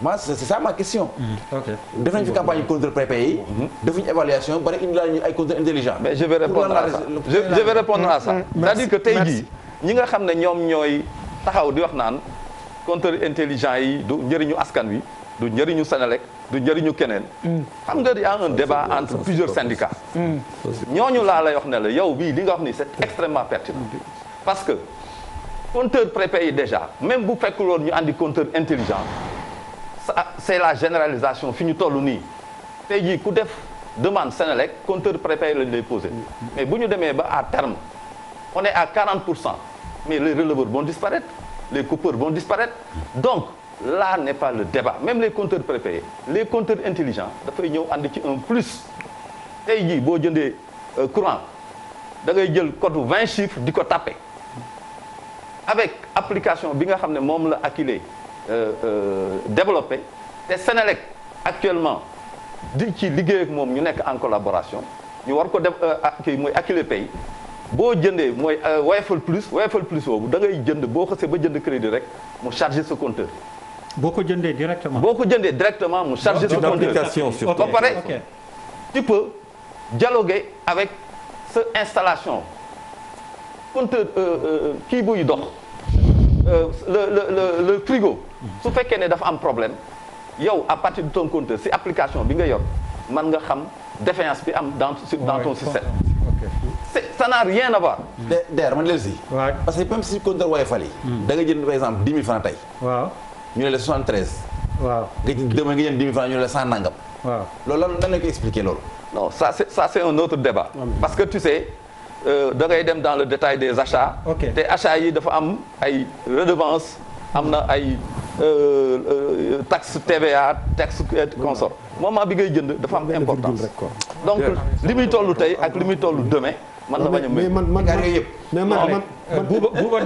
Speaker 4: ma c'est ça ma question.
Speaker 2: Mm-hmm. def nañ fi campagne
Speaker 4: contre préfet yi. Mm-hmm. defuñu évaluation bari indi laa ñu ay contre intelligent. mais je vais répondre à ça je vais répondre à ça. cest que tey jii ñi nga xam ne ñoom ñooy taxaw di wax naan contre intelligent yi du njëriñu askan wi du njëriñu Senelec du jëriñu keneen. Mm. xam nga y a un débat entre plusieurs syndicats. Mm. ñooñu laa lay wax ne la yow bii li nga wax ni c'est extrêmement pertinent. Mm. parce que compteur prépayé déjà même bu fekkuloon ñu andi compteur intelligent. c'est la généralisation fi ñu toll nii tey jii ku def demande Sénélec compteur prépayé lañ lay posé mais bu ñu demee ba à terme on est à 40 pour cent mais les releveurs vont disparaître les coupeurs vont disparaître donc là n'est pas le débat même les compteurs prépayés les compteurs intelligents dafay ñëw ànd ci un plus tey jii boo jëndee euh, courant da ngay jël code vingt chiffres di ko tapé avec application bi nga xam ne moom la Akilee euh, euh, développé te Sénélec actuellement di ci liggéey ak moom ñu nekk en collaboration ñu war ko def kii mooy Akilee Pay boo jëndee mooy Woyofal plus Woyofal plus woobu dangay jënd boo xasee ba jënd crédit rek mu chargé sa compteur boo ko jëndee directement boo ko jëndee directement mu chargé. sur l'application sur ba pare tu peux dialoguer avec sa installation compteur euh, euh, kii buy dox euh, le le le le frigo. su fekkee ne dafa am problème yow à partir de ton compteur si application bi nga yor mën nga xam défaillance bi am dans dans ton système. ça n'a rien à voir. de der man léegi si. parce que même si compteur Woyofal yi. Hmm. da nga jënd par exemple 10 000 francs tey. ñu ne la 73. waaw nga jëm demain nga jëm 10 000 francs ñu ne la 100 nangam. waaw loolu lan lan la koy expliquer loolu. non ça c'est euh, da ngay dem dans le détail des achats. ok te achats yi dafa am ay redevance am na ay euh, euh, tax TVA taxe consort moment bi ngay jënd dafa am importance donc li muy toll ak li muy toll man la bañ a mais man man mais man euh, man buuba buuba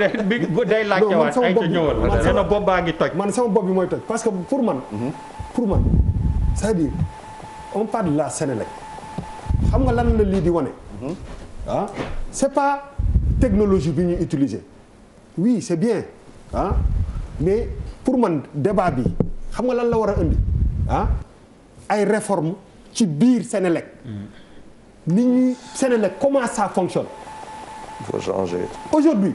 Speaker 4: day laaj waat ay ca ñëwal nee na
Speaker 6: bopp baa ngi toj man sama bopp bi mooy toj parce que pour man mhm. pour man c'est-à-dire on parle de la Sénélec xam nga lan la lii di wane mhm. ah c'est pas technologie bi ñu utiliser oui c'est bien ah mais pour man débat bi xam nga lan la war a indi ah ay réformes ci biir Sénélec mhm. nit ñuy Sénélec comment ça fonctionne. il aujourd'hui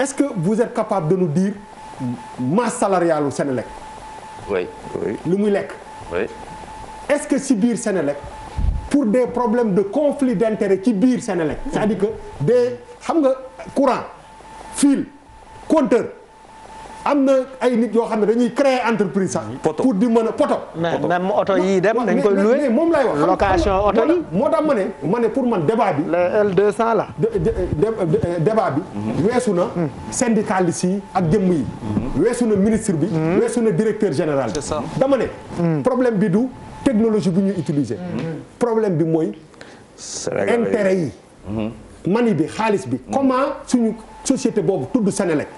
Speaker 6: est-ce que vous êtes capable de nous dire masse salariale u Sénélec. oui muy lekk. est-ce que si biir Sénélec pour des problèmes de conflit d'intérêt ci biir Sénélec. c'est-à-dire que des xam nga courant fil am na ay nit yoo xam ne dañuy créer entreprise sax. pour di mën a poto.
Speaker 3: même oto yii dem dañ koy loué moom lay wax. location oto yi
Speaker 6: moo tax ma ne ma ne pour man débat bi. le L200 la. débat bi. weesu na syndicaliste yi ak jëm yi. weesu na ministre bi. weesu na directeur général bi. dama ne. Hmm. problème bi du technologie bu ñuy utiliser. Hmm. problème bi mooy. intérêt yi. Hmm. mani bi xaalis bi. comment suñu. société boobu tudd Sénélec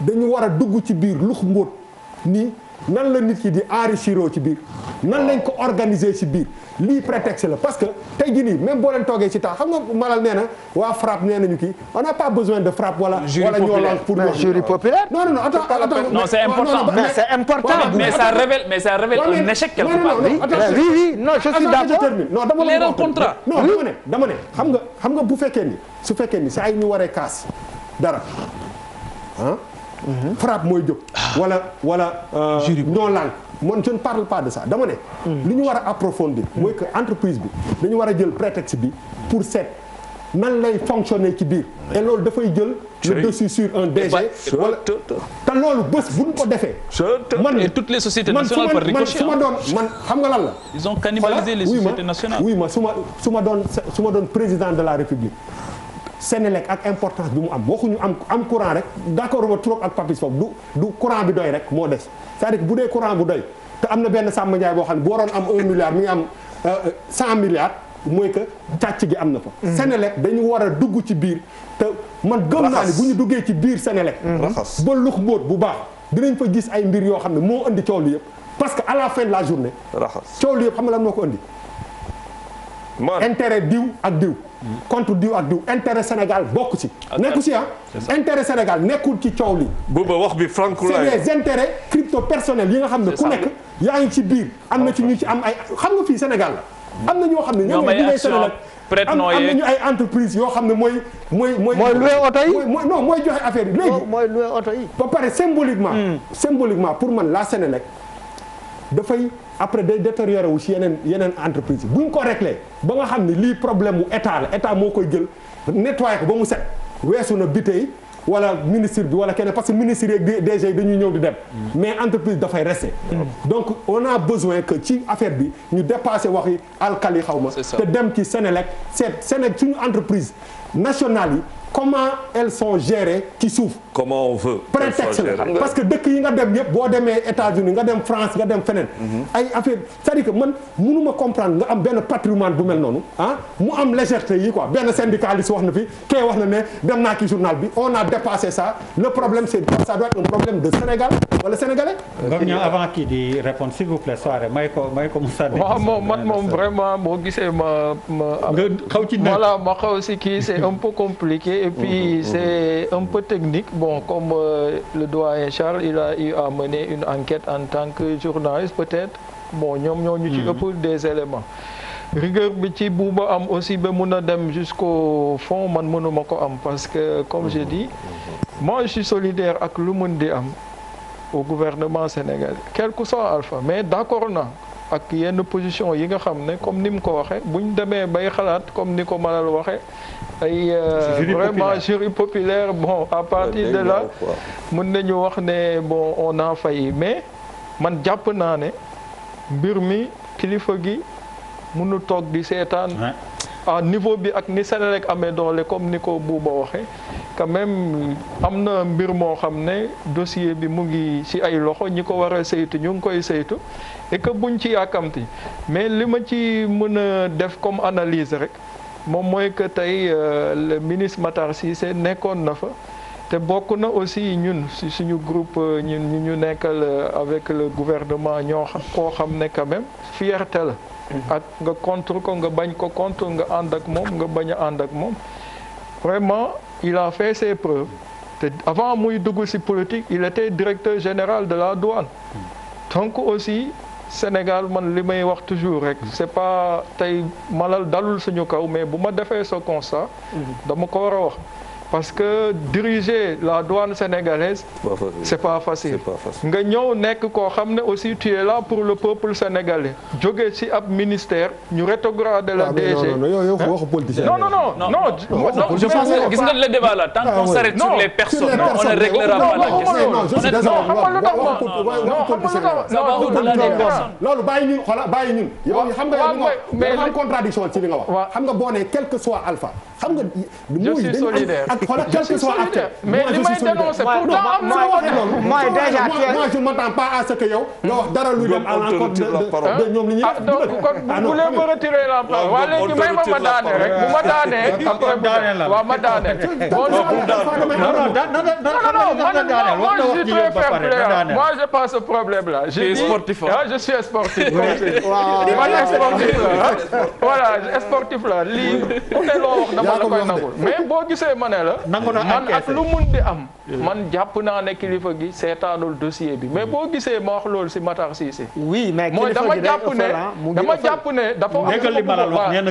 Speaker 6: dañu war a dugg ci biir lux mbóot ni nan la nit ki di enrichiroo ci biir nan lañ ko organiser ci biir lii prétexte la parce que tey jii nii même boo leen toogee ci taax xam nga malal nee na waa frappe nee nañu kii on n'a pas besoin de frappe wala dama ne xam nga xam nga bu fekkee ni su fekkee ni saa yi ñu waree kaas dara ah. frappe mooy jóg. Ah. wala wala. Euh, jury non langue man je ne parle pas de ça dama ne. Hmm. lu ñu war a approfondir. Hmm. mooy que entreprise bi dañu war a jël prétexte bi pour seet nan lay fonctionner ci biir. Hmm. et loolu dafay jël. le dessus sur un DG. Eh, wala te loolu bés bu ñu ko defee. man et toutes les sociétés nationales par ricochet man su ma doon man xam nga lan la.
Speaker 5: ils ont cannibalisé les
Speaker 6: ma su ma su ma su ma doon président de la république. Sénélec ak importance bi mu am waxuñu am am courant rek d'accord ma trop ak papis foofu du du courant bi doy rek moo des cest à bu dee courant bu doy te am na benn sàmm njaay boo xam ne bu waroon am 1 milliard mi ngi am 100 euh, euh, milliards mooy que càcc gi am na fa. Mm-hmm. Sénélec dañu war dugg ci biir te man gën naa ni bu ñu duggee ci biir Sénélec. raxas ba lux mbóot bu baax dinañ fa gis ay mbir yoo xam ne moo indi coow li yëpp parce que à la fin de la journée. raxas coow li ko indi. intérêt diw ak diw. contre diw ak diw intérêt Sénégal bokk ci. Ah, nekku si ah. intérêt Sénégal nekkul ci coow li. buuba wax bi franc la c'est des personnels yi nga xam ne ku yaa ngi ci biir am na ci ñu ci am ay xam nga fii Sénégal la. am na ñoo xam ne ñoo ngi liggéey Sénégal. am ñu ay entreprise yoo xam ne mooy mooy mooy loué oto yi non mooy joxe affaire yi léegi mooy oto yi ba pare symboliquement hmm. symboliquement pour man la Sénélec dafay après day détérioré wu ci yeneen yeneen entreprise yi bu ñu ko réglé ba nga xam ne lii problème mu état la état moo koy jël nettoyé ko ba mu set weesu na bitey wala ministre bi wala keneen parce que ministre yeeg DG yi dañuy ñëw di dem. mais entreprise dafay rester. donc on a besoin que ci affaire bi ñu dépassé waxi alkali xaw ma. te dem ci Sénélec seet Sénélec suñu entreprise nationale yi comment elles sont gérées ci suuf.
Speaker 7: comment on veut.
Speaker 6: parce que dëkk yi nga dem yëpp boo demee États-Unis nga dem France nga dem feneen. Mhm. ay affaire cest que man mënu ma comprendre nga am benn patrimoine bu mel noonu ah, mu am légèreté yi quoi benn syndicaliste wax na fi kee wax na ne dem naa ki journal bi on a dépassé ça le problème c'est ça doit un problème de Sénégal wala sénégalais. nga ñëw avant
Speaker 1: kii di répondre s'il vous
Speaker 9: ma ma. si kii c'est un peu compliqué et puis mhm, mhm. c'est un peu technique bon, comme euh, le doyen Charles, il a eu à une enquête en tant que journaliste, peut-être, bon, ñoom ñoo ñu ci hmm. ëpp des éléments. rigueur bi ci buuba am aussi ba mun a dem jusqu'au fond man mënuma ko am parce que comme j'ai hmm. dit moi je solidaire ak lu mën di am au gouvernement sénégalais quel que soit Alpha mais d'accord na ak yenn position yi nga xam ne comme ni mu ko waxee buñ demee bay xalaat comme ni ko malal waxee ay euh, vraiment jury populaire bon à partir de là mën nañu wax ne bon on a failli mais man jàpp naa ne mbir mi kilifa gi mënu toog di seetaan a niveau bi ak ni Senelec amee doole comme ni ko Bouba waxee quand même am na mbir moo xam ne dossier bi mu ngi ci ay loxo ñi ko war a saytu ñu ngi koy saytu et que buñ ci yàkkamti mais li ma ci mën a def comme analyse rek moom mooy que tey euh, le ministre Matar se nekkoon na fa te bokk na aussi ñun si suñu groupe euh, ñun ñu ñu nekkal euh, avec le gouvernement ñoo xam xam ne quand même fierté la mhm. nga contre ko nga bañ ko contre nga ànd ak moom nga bañ a ànd ak moom vraiment il a fait ses preuves te avant muy dugg si politique il était directeur général de la douane mhm. donc aussi Sénégal man li may wax toujours rek c'est pas tey malal dalul suñu kaw mais bu ma defee ce constat mhm. dama ko war a wax parce que diriger la douane sénégalaise c'est pas facile nga ñëw nekk koo xam ne aussi tu es là pour le peuple sénégalais jóge ci ab ministère ñu rétrograde la ah, DG non non non non je pense que gis nga le débat là tant ah, qu'on s'arrête sur les personnes on ne réglera pas la question non xamal lu tax non
Speaker 6: loolu bàyyi ñun xoola bàyyi ñun yow xam nga am contradiction ci li nga wax xam nga boo ne quel que soit alpha xam nga muy dañu xoolal quel que soit acte mais li may dénoncer pourtant am na mooy déjà moi je m'attends pas à ce que yow nga wax dara lu dem à l'encontre de ñoom li ñuy def donc kon bu leen ma retirer la parole waa léegi may ma ma daane
Speaker 9: rek bu ma daanee après je suis très fair play moi j'ai pas ce problème sportif je suis sportif sportif la voilà sportif la lii ku ne loo wax dama la koy nangul mais boo gisee ma ne la la nangu na man ak lu mun di am man jàpp naa ne kilifa gi seetaanul dossier bi mais boo gisee ma wax loolu si Matar Cissé oui
Speaker 3: mais mooy dama jàpp ne ah, dama jàpp
Speaker 9: ne dafa am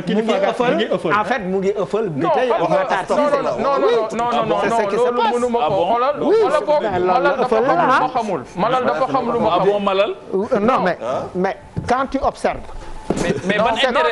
Speaker 9: kilifa gi
Speaker 3: en fait mu ngi ëffal bi tey ah, Matar ah, Cissé la non non non non loolu mënu ma ko xoolal wala boog malal dafa xam lu ma xamul malal dafa xam lu ma xamul malal
Speaker 2: euh, non mais
Speaker 3: mais quand tu observes
Speaker 5: mais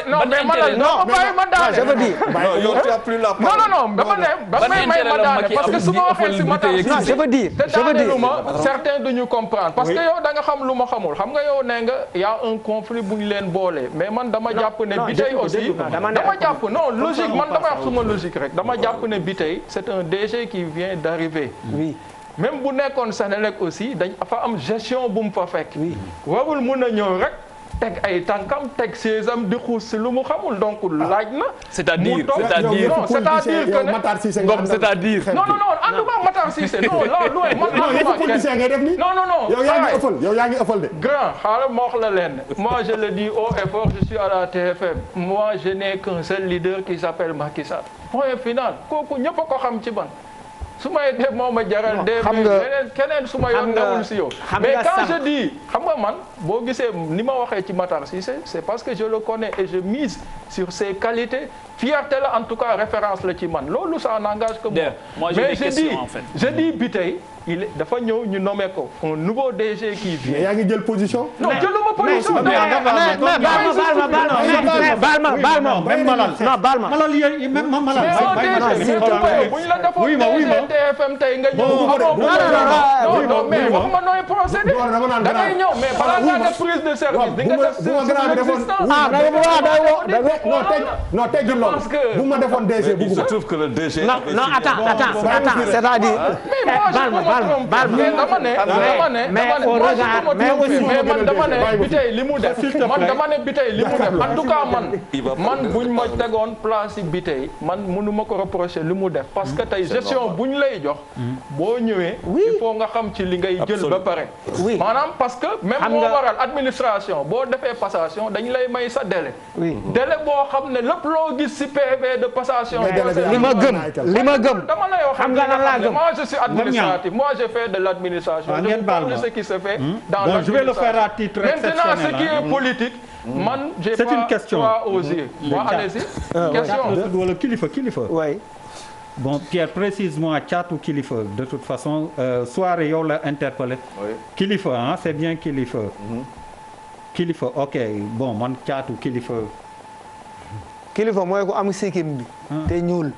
Speaker 5: non non ma daane. je
Speaker 3: veux non non non ba may may ma daane parce que su ma waxee si matin si
Speaker 2: je veux dire je
Speaker 9: veux comprendre parce que yow da nga xam lu ma xamul xam nga yow nee nga y a un conflit bu leen boole mais man dama jàpp ne bi tey aussi dama jàpp non logique man dama wax suma logique rek dama jàpp ne bi tey c'est un DG qui vient d'arriver oui même bu nekkoon Senelec aussi dañ fa am gestion bu mu fa fekk warul mun a ñëw rek teg ay tànkam teg seesam di xuus si lu mu xamul donc ah. laaj na. c'est-à-dire c'est-à-dire non c'est-à-dire que ne
Speaker 6: Ngom c'est-à-dire. non non
Speaker 9: non en tout cas Matar Cissé non non
Speaker 6: non non non yow yaa ngi ëffal yow yaa de. grand xaaral ma wax
Speaker 9: la leen moi je le dis haut et je suis à la TFM moi je n'ai qu'un seul leader qui s'appelle Macky Sall. point final kooku ñëpp a ko xam ci ban. su may dee moo ma jaral dee. xam nga keneen keneen su ma yoon newul si yow. mais quand je dis xam nga man boo gisee ni ma waxee ci Matar Cissé c'est parce que je le connais et je mise sur ses qualités fierté en tout cas référence la ci man loolu ça n'engage que moi. mais je dis je il dafa ñëw ñu nommé ko un nouveau DG qui vient. mais yaa ngi jël position. non jëluma position. mais mais baal ma baal ma même Malal. non baal ma Malal
Speaker 1: yooyu même Malal. bu ñu la defoon TFM
Speaker 9: tey nga ñëw. non non mais wax ma nooy
Speaker 2: procédé. da ngay ñëw mais balaa nga def prise
Speaker 6: de service. di nga def non tey jii loolu bu ma defoon DG. il se trouve que le DG. non non attends attends c'est-à-dire.
Speaker 9: ma baal ma man dama ne bi li mu def man dama ne bi tey li mu def en man man buñ ma tegoon place bi man mënu ko reprocher li mu def parce que hmm. tey gestion buñ lay jox hmm. boo ñëwee il nga xam ci li ngay jël ba pare maanaam parce que même moo waral administration boo defee passation dañ lay may sa délai délai boo xam ne lépp loo gis si PV de passation li ma gëm li ma gëm dama lay wax xam nga lan laa gëm moi je suis administratif moi j'ai fait de l'administration. Ah, hmm? bon, je vais le faire à titre Maintenant, ce qui est politique. Hmm. man j'ai pas une question aux yeux. waaw hmm. allez-y ah, question
Speaker 1: wala kilifa bon Pierre précisément caatu kilifa de toute façon euh, soirée yow la interpellé. oui kilifa ah c'est bien kilifa. Mm ok bon man caatu kilifa. kilifa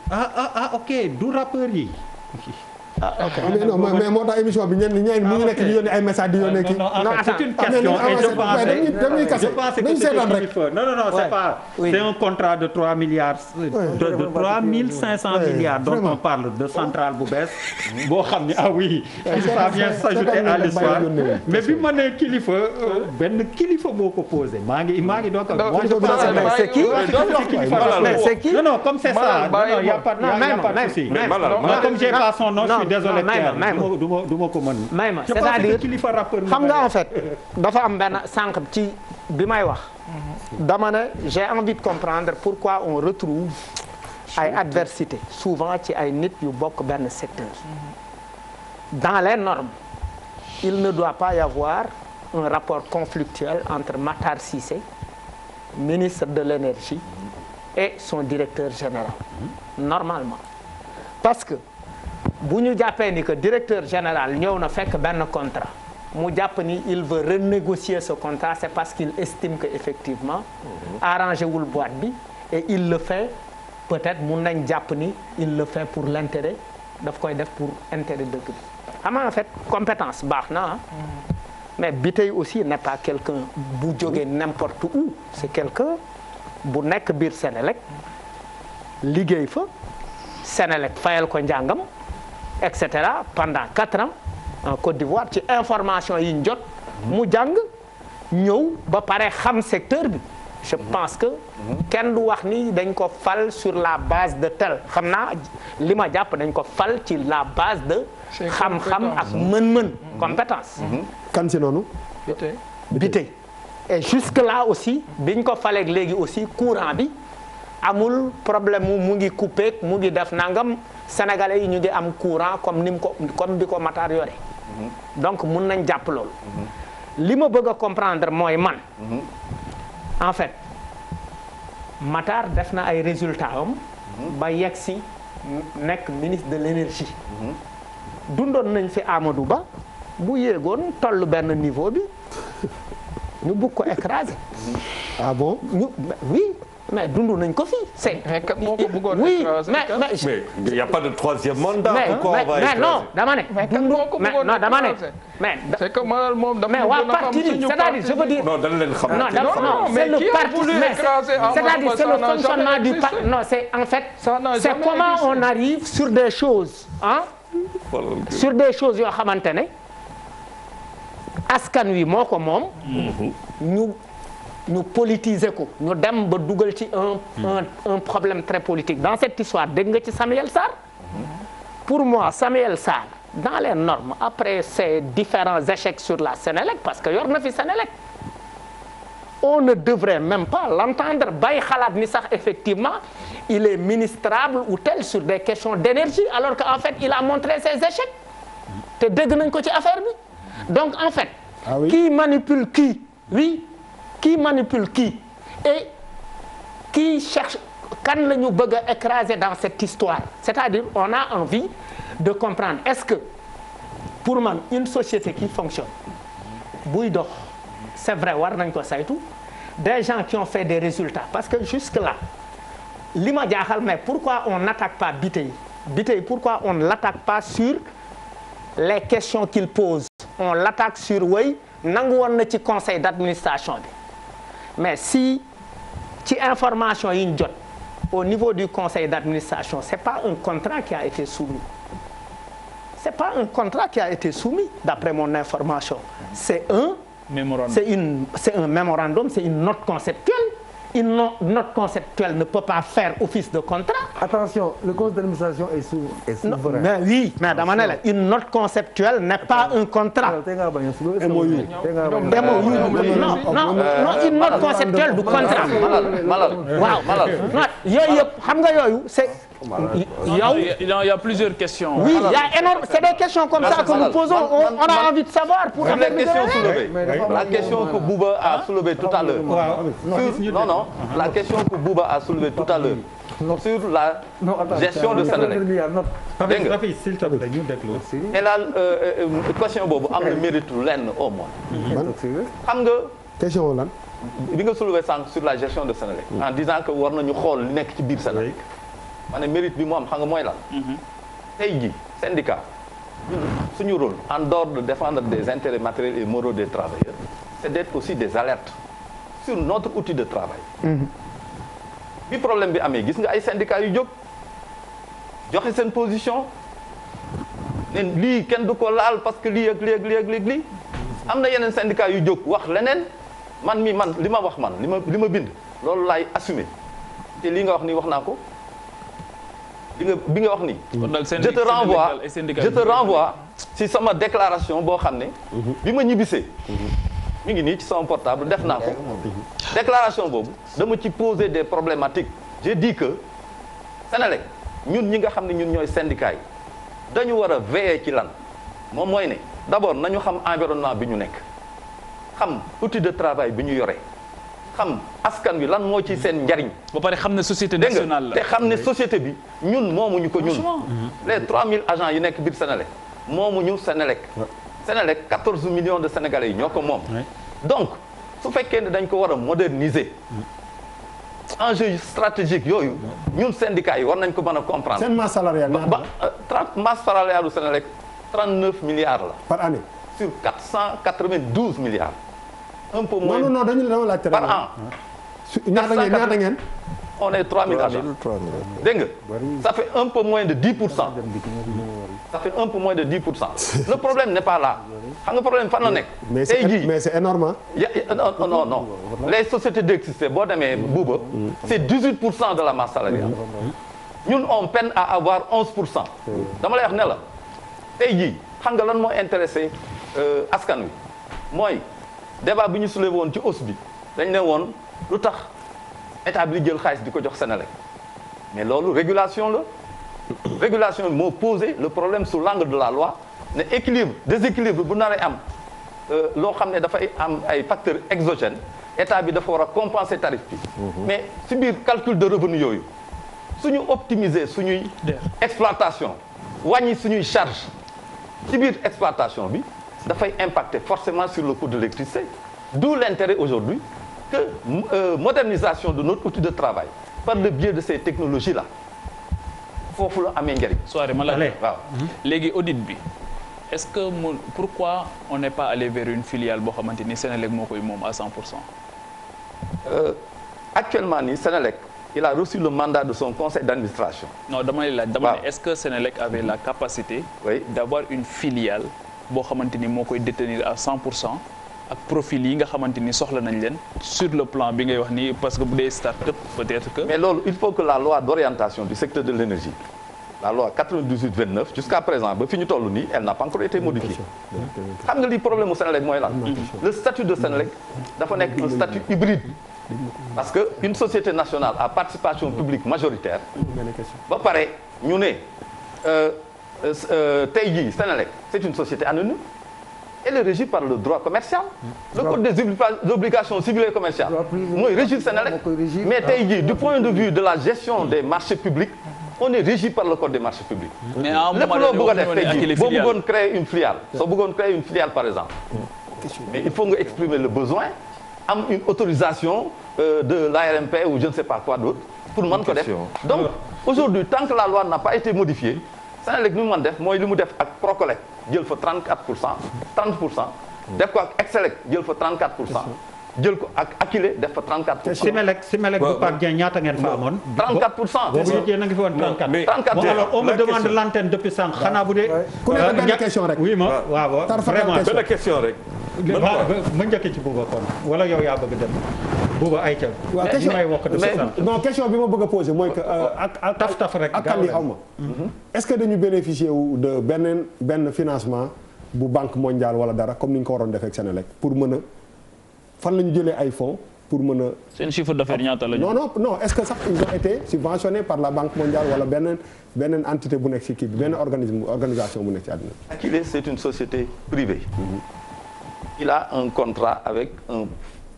Speaker 6: ah. ah, ok du rappeur ah ok mais moo tax émission bi ñenn ñenn mu ngi nekk di yónnee ay message di yónnee kii. non en c'est une question et je pense que je non non c'est pas
Speaker 1: c'est un contrat de 3 milliards. de de 3 on parle de centrale bu bees. boo xam ne ah oui. ça vient s'ajouter à l'histoire mais bi ma kilifa benn kilifa boo ko posé maa ngi maa ngi donc. moi je pense que c'est qui mais c'est qui non non comme c'est ça non y a pas de souci mais comme j'ai pas son nom. désolé du ma ko mën. may ma c'est-à-dire
Speaker 3: xam nga en fait dafa am benn sànq ci bi may wax. dama ne j'ai envie de comprendre pourquoi on retrouve ay adversité souvent ci ay nit yu bokk benn secteur. dans les normes il ne doit pas y avoir un rapport entre Matar Cissé ministre de l'énergie et son directeur général normalement parce que bu ñu jàppee ni que directeur général ñëw na fekk benn contrat mu jàpp ni il veut renégocier ce contrat c'est parce qu'il estime que effectivement mhm. arrangé wul boite bi et il le fait peut-être mun nañ jàpp ni il le fait pour l'intérêt daf koy def pour intérêt dëkk bi xam nga fait compétence baax na ah mais Biteye aussi n'est pas quelqu'un bu jógee n'importe où c'est quelqu'un bu nekk biir Sénélec liggéey fa Sénélec fayal ko njàngam et cetera pendant quatre ans en Côte d'Ivoire ci information yi ñu jot. mu jàng ñëw ba pare xam secteur bi. je mhm. pense que mhm. kenn du wax ni dañ ko fal sur la base de tel xam naa li ma jàpp dañ ko fal ci la base de. xam-xam ak mhm. mën-mën. compétence. kan si noonu. bité et jusque là aussi biñ ko faleeg léegi aussi courant bi amul problème mu ngi coupé mu ngi def nangam. sénégalais yi ñu ngi am courant comme ni mu ko comme bi ko Matar yore. Mhm. donc mun nañ jàpp loolu.
Speaker 2: Mhm.
Speaker 3: li ma bëgg a comprendre mooy man. Mhm. en fait Matar def na ay résultats am. ba yegg si nekk ministre de l'énergie. dundoon nañ fi Amadou Ba bu yéegoon toll benn niveau bi ñu bugg ko écraser. ah bon ñu oui. mais dundu nañ ko fii moo ko bëggoon oui mais mais
Speaker 7: il y a pas de troisième mandat pourquoi mais non
Speaker 3: dama mais non dama
Speaker 7: mais c'est que man moom
Speaker 9: dama mais waa parti bi c'est-à-dire je veux dire non c'est le parti mais cest à
Speaker 3: c'est en fait c'est comment on arrive sur des choses ah sur des choses yoo xamante ne askan wi moo ko moom mhm. ñu ñu politiser ko ñu dem ba dugal ci hmm. un un problème très politique dans cette histoire dégg nga ci Samuel Sarr pour moi Samuel Sarr dans les normes après ces différents échecs sur la Sénélec parce que yor na fi Sénélec on ne devrait même pas l'entendre bay xalaat ni sax effectivement il est ministrable ou tel sur des questions d'énergie alors que en fait il a montré ses échecs te dégg nañ ko ci affaire bi donc en fait ah qui manipule qui oui qui manipule qui e qui cherche kan lañu ñu bëgg a dans cette histoire c'est-à-dire on a envie de comprendre est-ce que pour man une société qui fonctionne buy dox c'est vrai war nañ ko saytu des gens qui ont fait des résultats parce que jusque-là li ma jaaxal mais pourquoi on n'attaque pas Biteye Biteye pourquoi on ne l'attaque pas sur les questions qu'il pose on l'attaque sur way nangu woon na ci conseil d'administration bi mais si ci information yi ñu jot au niveau du conseil d'administration c'est pas un contrat qui a été soumis c'est pas un contrat qui a été soumis d'après mon information c'est un c'est une c'est un mémorandum c'est une note conceptuelle il non, notre conceptuel ne peut pas faire office de contrat. le conseil d'administration est, sou, est mais oui, mais dama une note conceptuelle n'est pas un contrat. MOU. non euh, euh, une note conceptuelle du contrat. malal malal non yooyu yëpp xam nga yooyu c'est
Speaker 5: yow non il y a plusieurs questions. oui il y a
Speaker 3: énorme c'est des questions comme ça que nous posons on a envie de savoir. pour bi la question
Speaker 5: que Bouba a
Speaker 4: soulevée tout à l'heure non non la question que Bouba a soulevée tout à l'heure sur la gestion de Sénélec
Speaker 1: dégg nga
Speaker 4: et la euh, euh, euh, question boobu am na mérite lenn au moins.
Speaker 6: Mm-hmm. xam nga. question
Speaker 4: lan. bi nga soulevé sànq sur la gestion de Sénélec. Mm. en disant que war nañu xool li nekk ci biir Sénélec. ma ne mérite bi mu am xam nga mooy lan. Mhm. tey jii syndicat suñu rôle en dehors de défendre des intérêts matériels et moraux des travailleurs c'est d'être aussi des alertes sur notre outi de travail. Mhm. bi problème bi amee gis nga ay syndicats yu jóg joxe seen position ne lii kenn du ko laal parce que lii ak lii ak lii ak lii am na yeneen syndicats yu jóg wax leneen man mii man li ma wax man li ma li ma bind loolu laay assumer te lii nga wax nii wax naa ko. bi nga bi nga wax ni
Speaker 5: de te renvoie je te renvoie
Speaker 4: si sama déclaration boo xam ne mhm. bi ma ñibbisee mu ngi nii ci sama portable def naa ko déclaration boobu dama ci poser des problématiques j'ai dit que Sénélec ñun ñi nga xam ne ñun ñooy syndicat yi dañu war a veiller ci lan moom mooy ne d'abord nañu xam environnement bi ñu nekk xam outil de travail bi ñu yoree xam askan wi lan moo ci seen njariñ. ba pare xam ne société nationale la te xam ne société bi ñun moomuñu ko ñun. les 3000 agents yi nekk biir Sénélec moomuñu Sénélec. Sénélec 14 million de sénégalais yi ñoo ko moom. donc su fekkee ne dañ ko war moderniser en enjeu stratégique yooyu ñun syndicat yi war nañ ko mën a comprendre. seen
Speaker 6: masse salariale ba
Speaker 4: euh, masse salariale u Sénélec 39 milliards la. par année sur 492 milliards.
Speaker 6: un peu moins non non dañu ne dama laajte par an.
Speaker 4: ñaata ngeen ñaata ngeen. on est 3000 agents dégg nga ça de 10 pour cent ça fait un peu moins de 10 pour cent le problème n'est pas là xam nga problème fan la nekk. tey jii mais c'est énorme non non non les sociétés d'existence boo demee Bouba. c'est 18 pour cent de la masse salariale. ñun on peine à avoir 11 pour cent. dama lay wax ne la tey jii xam nga lan moo intéressé euh, askan wi mooy. débat bu ñu soulevé woon ci hausse bi dañ ne woon lu tax état bi jël xaalis di ko jox Sénélec mais loolu régulation la régulation moo posé le problème sous l'angle de la loi ne équilibre déséquilibre bu naree am euh, loo xam ne dafay am ay facteurs exogènes état bi dafa war a compenser tarif bi mhm. mais si biir calcul de revenu yooyu suñu optimiser suñuy exploitation wàññi suñuy charge ci biir exploitation bi dafay impacter forcément sur le coût de l'électricité d'où l'intérêt aujourd'hui que euh, modernisation de notre outil de travail par le biais de ces technologies là
Speaker 5: foofu la amee njëriñ. soirée ma laaj waaw mm-hmm. léegi audit bi est-ce que mu pourquoi on n'est pas allé vers une filiale boo xamante ni Sénélec moo koy moom à 100 pour cent.
Speaker 4: Euh, actuellement nii Sénélec il a reçu le mandat de son conseil d'administration.
Speaker 5: non damay laaj. damay est-ce que Sénélec avait la capacité. oui d'avoir une filiale. boo xamante ni moo koy détenir à 100 pour cent ak profil yi nga xamante ni soxla nañ leen sur le plan bi ngay wax ni parce que bu dee start-up peut-être que. mais loolu il faut que la loi d'orientation
Speaker 4: du secteur de l'énergie la loi 98 29 jusqu'à présent ba fi ñu toll nii elle n'a pas encore été
Speaker 2: xam
Speaker 4: nga li problème mu mooy lan. le statut de Senelec dafa nekk un statut hybride. parce que une société nationale à participation publique majoritaire. Euh, euh, tey jii Sénélec c'est une société anonyme elle est régie par le droit commercial le code des obligations civiles et commerciales mooy régir Sénélec mais tey jii du ah. point de vue de la gestion des marchés publics on est régi par le code des marchés publics
Speaker 5: lépp loo bëgg a
Speaker 4: créer une filiale soo bëggoon créer une filiale par exemple il faut exprimer le besoin euh, de l'ARMP ou je ne sais pour mën ko def donc aujourd'hui tant que la loi n'a pas été modifiée Senelec li mu mën def mooy li mu def ak Procolec jël fa 34 pour cent 30 pour cent def ko ak Excelec jël ko ak Akile def fa 34 pour cent. Simelec Simelec bu Pape
Speaker 1: Dieng ñaata ngeen fa amoon. 34 pour cent. boobu yéen a ngi fi woon 34. demande l'antenne depuis sànq xanaa bu dee. ku euh, ma waaw vraiment
Speaker 7: benn
Speaker 1: question ci boobu kon wala yow yaa bëgg
Speaker 6: dem. Bouba ay waaw waa non question bi ma bëgg a mooy que euh, ak ak taf taf rek ak xaw ma. Mhm. est-ce que dañu bénéficier wu de beneen benn financement bu banque mondiale wala dara comme ni ñu ko waroon defee ak Senelec pour mën a fan la ñu jëlee ay fonds pour mën a.
Speaker 5: seen chiffre d'affaires ñaata la ñu. non non
Speaker 6: non est-ce que sax ils ont été subventionnés par la banque mondiale wala beneen beneen entité bu nekk ci kii bi beneen organisme organisation bu nekk ci àddina.
Speaker 5: Akilee c'est une
Speaker 4: société privée. Mhm. il a un contrat avec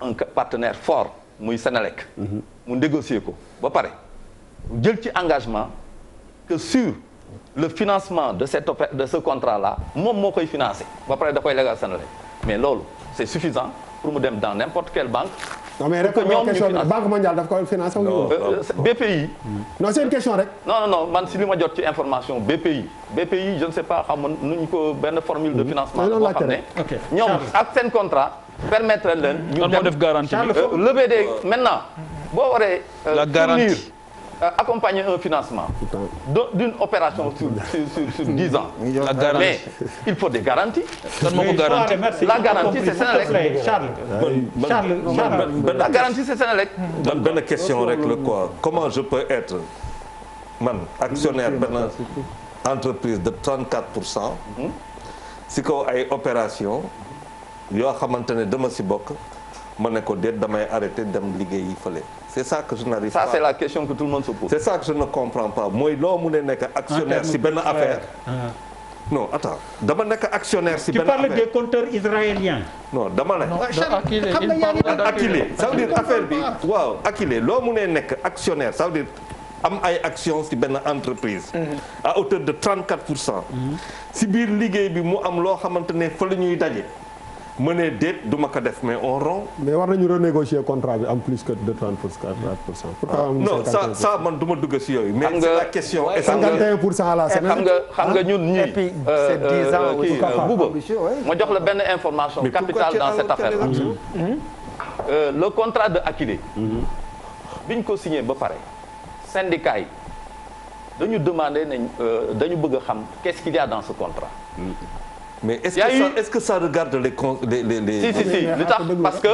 Speaker 4: un partenaire fort muy Sénélec. Mhm. mu négocier ko ba pare jël ci engagement que sur le financement de cette de ce contrat là moom moo koy financé ba pare da koy légal Sénélec mais loolu c'est suffisant pour mu dem dans n'importe quelle banque.
Speaker 6: non mais rek ñoom question banque mondiale daf koy financé. Euh, euh, BPI. rek.
Speaker 4: non non man si li jot ci information BPI. BPI je ne sais pas xam nu ñu ko benn formule de mhm. financement. boo xam ne ñoom ak permettre leen. ñu dem def garantie levée des euh, maintenant boo waree. Euh, la garantie euh, accompagner un financement d'une opération sur sur sur dix ans. mais il faut des garanties. lan moo ko garantie la garantie c'est Senelec. Charles Charles la garantie c'est Senelec. man benn question rek la
Speaker 7: quoi comment je peux être man actionnaire benn entreprise de quatre pour cent. Mhm. si kaw ay opération yoo xamante ne dama si bokk ma ne ko déet damay arrêté dem liggéey yi fële c'est ça que je n'arrive pas ça c'est la
Speaker 4: question que tout ne
Speaker 7: comprends pas mooy loo mu ne nekk actionnaire si benn affaire ah. non attends dama nekk actionnaire si benn affaire tu parles des
Speaker 1: compteurs israéliens.
Speaker 7: non dama ne. xam nga yaa affaire bi waaw Akile loo mu ne nekk actionnaire ça veut dire am ay actions si benn entreprise. Mhm. à hauteur de 34 pour cent. Mhm. si biir liggéey bi mu am loo xamante ne fa la ñuy daje. ma ne déet du ma ko def mais on rompt.
Speaker 6: mais war nañu renégocier contrat bi am plus que de 30 pour 40 pour cent. pourquoi ah, non
Speaker 7: man du ma dugg si yooyu. mais
Speaker 4: c'est la question.
Speaker 6: pour cent la semaine. xam nga xam nga ñun ñii. et puis euh,
Speaker 4: euh, ma jox la benn information capitale dans cette affaire mm-hmm. euh, le contrat de Akile. Mm-hmm. biñ ko signé ba pare. syndicat yi dañu demander nañ dañu bëgg a xam qu'est-ce qu'il y dans ce contrat. Mm-hmm.
Speaker 7: mais est-ce que ça est-ce que ça regarde les con les les les. si si si li tax parce que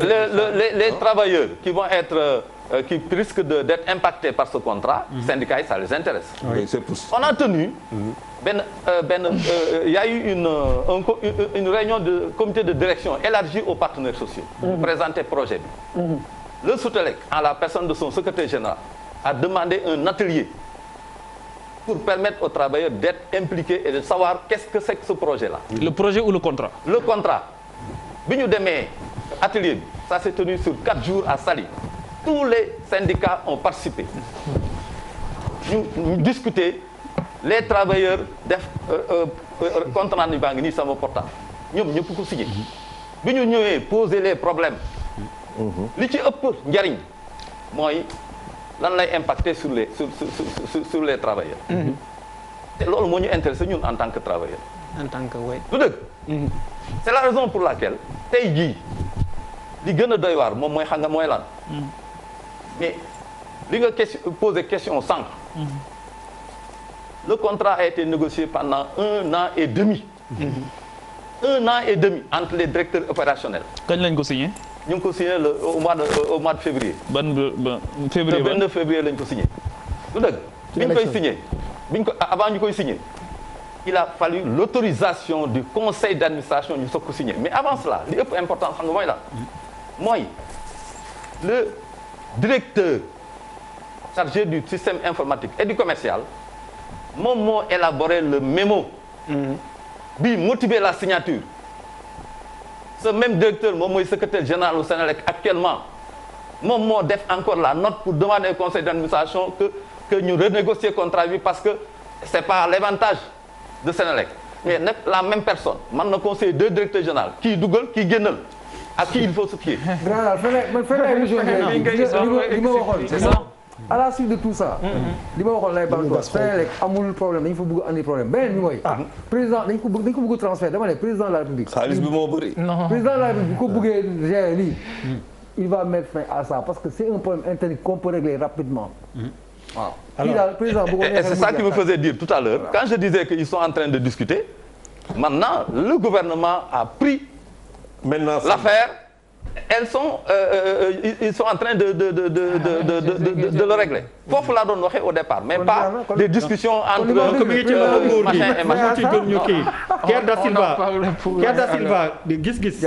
Speaker 7: les les les ah.
Speaker 4: travailleurs qui vont être euh, qui risquent de d'être impactés par ce contrat. Mhm. syndicats yi ça les intéresse. oui c'est possible. on a tenu. Mhm. benn euh, benn euh, y a eu une un une réunion de comité de direction élargie aux partenaires sociaux. Mhm. présenter projet bi. le Soutelec en la personne de son secrétaire général a demandé un atelier. pour permettre aux travailleurs d'être impliqués et de savoir qu'est-ce que c'est ce projet-là. Le projet ou le contrat Le contrat. bi ñu demee atelier bi ça s'est tenu sur quatre jours à Saly tous les syndicats ont participé ñu discuter les travailleurs def euh, euh, euh, compte rendu baa ngi nii sama portable ñoom ñëpp ko signé bi ñu ñëwee poser les problèmes
Speaker 3: mmh.
Speaker 4: li ci ëpp njariñ mooy lan lay impacter sur les sur sur les travailleurs. Mhm. te loolu moo ñu intéressé ñun en tant que travailleur.
Speaker 3: en tant que way du dëgg. Mhm. c'est la raison
Speaker 4: pour laquelle tey jii di gën a doy waar moom mooy xam nga mooy lan. Mhm. mais li nga question posé question sànq. le contrat a été négocié pendant un an et demi. un an et demi entre les directeurs opérationnels.
Speaker 5: kañ lañ ko signé.
Speaker 4: ñu ngi ko signé le au mois de au mois de février. ban
Speaker 5: ban février le 29
Speaker 4: lañ ko signé. lu dëgg bi ñu koy signé bi ko avant ñu koy signé il a fallu l'autorisation du conseil d'administration ñu soog ko signé mais avant cela li ëpp important xam nga mooy la mooy le directeur chargé du système informatique et du commercial moom moo élaboré le mémo. Mm-hmm. bi motiver la signature. ce même directeur moom mooy secrétaire général au Sénélec actuellement moom moo def encore la note pour demander au conseil d'administration que que ñu renégocier contrat bi parce que c'est pas l'avantage de Sénélec mais nag la même personne man na conseiller deux directeurs généraux kii dugal kii génnal à qui il faut se fier.
Speaker 8: grand man feneen émission bi li ma waxoon. à la suite de tout ça. li ma waxoon lay baal Senelec amul problème dañu fa bëgg andi problème beneen bi mooy. Ah. président dañ ko bëgg dañ ko bëgg transfert dama ne de la république. xaalis bi moo bëri.
Speaker 9: président
Speaker 8: de la république bu ko ah. bëggee gérer lii. Hmm. il à ça parce que c'est un problème interne qu'on peut régler rapidement.
Speaker 4: Hmm. waaw
Speaker 8: kii daal
Speaker 2: président
Speaker 4: bu ko et c'est ça qui me faisait dire tout à l'heure quand je disais qu'ils sont en train de discuter maintenant le gouvernement a pris. maintenant l'affaire. elles sont euh, euh, euh, ils sont en train de de ah, de de de de de le régler foofu laa doon waxee au départ mais
Speaker 8: pas des discussions entre euh, machin et machin. Ah, Pierre Da Silva Pierre Da Silva
Speaker 1: gis-gis.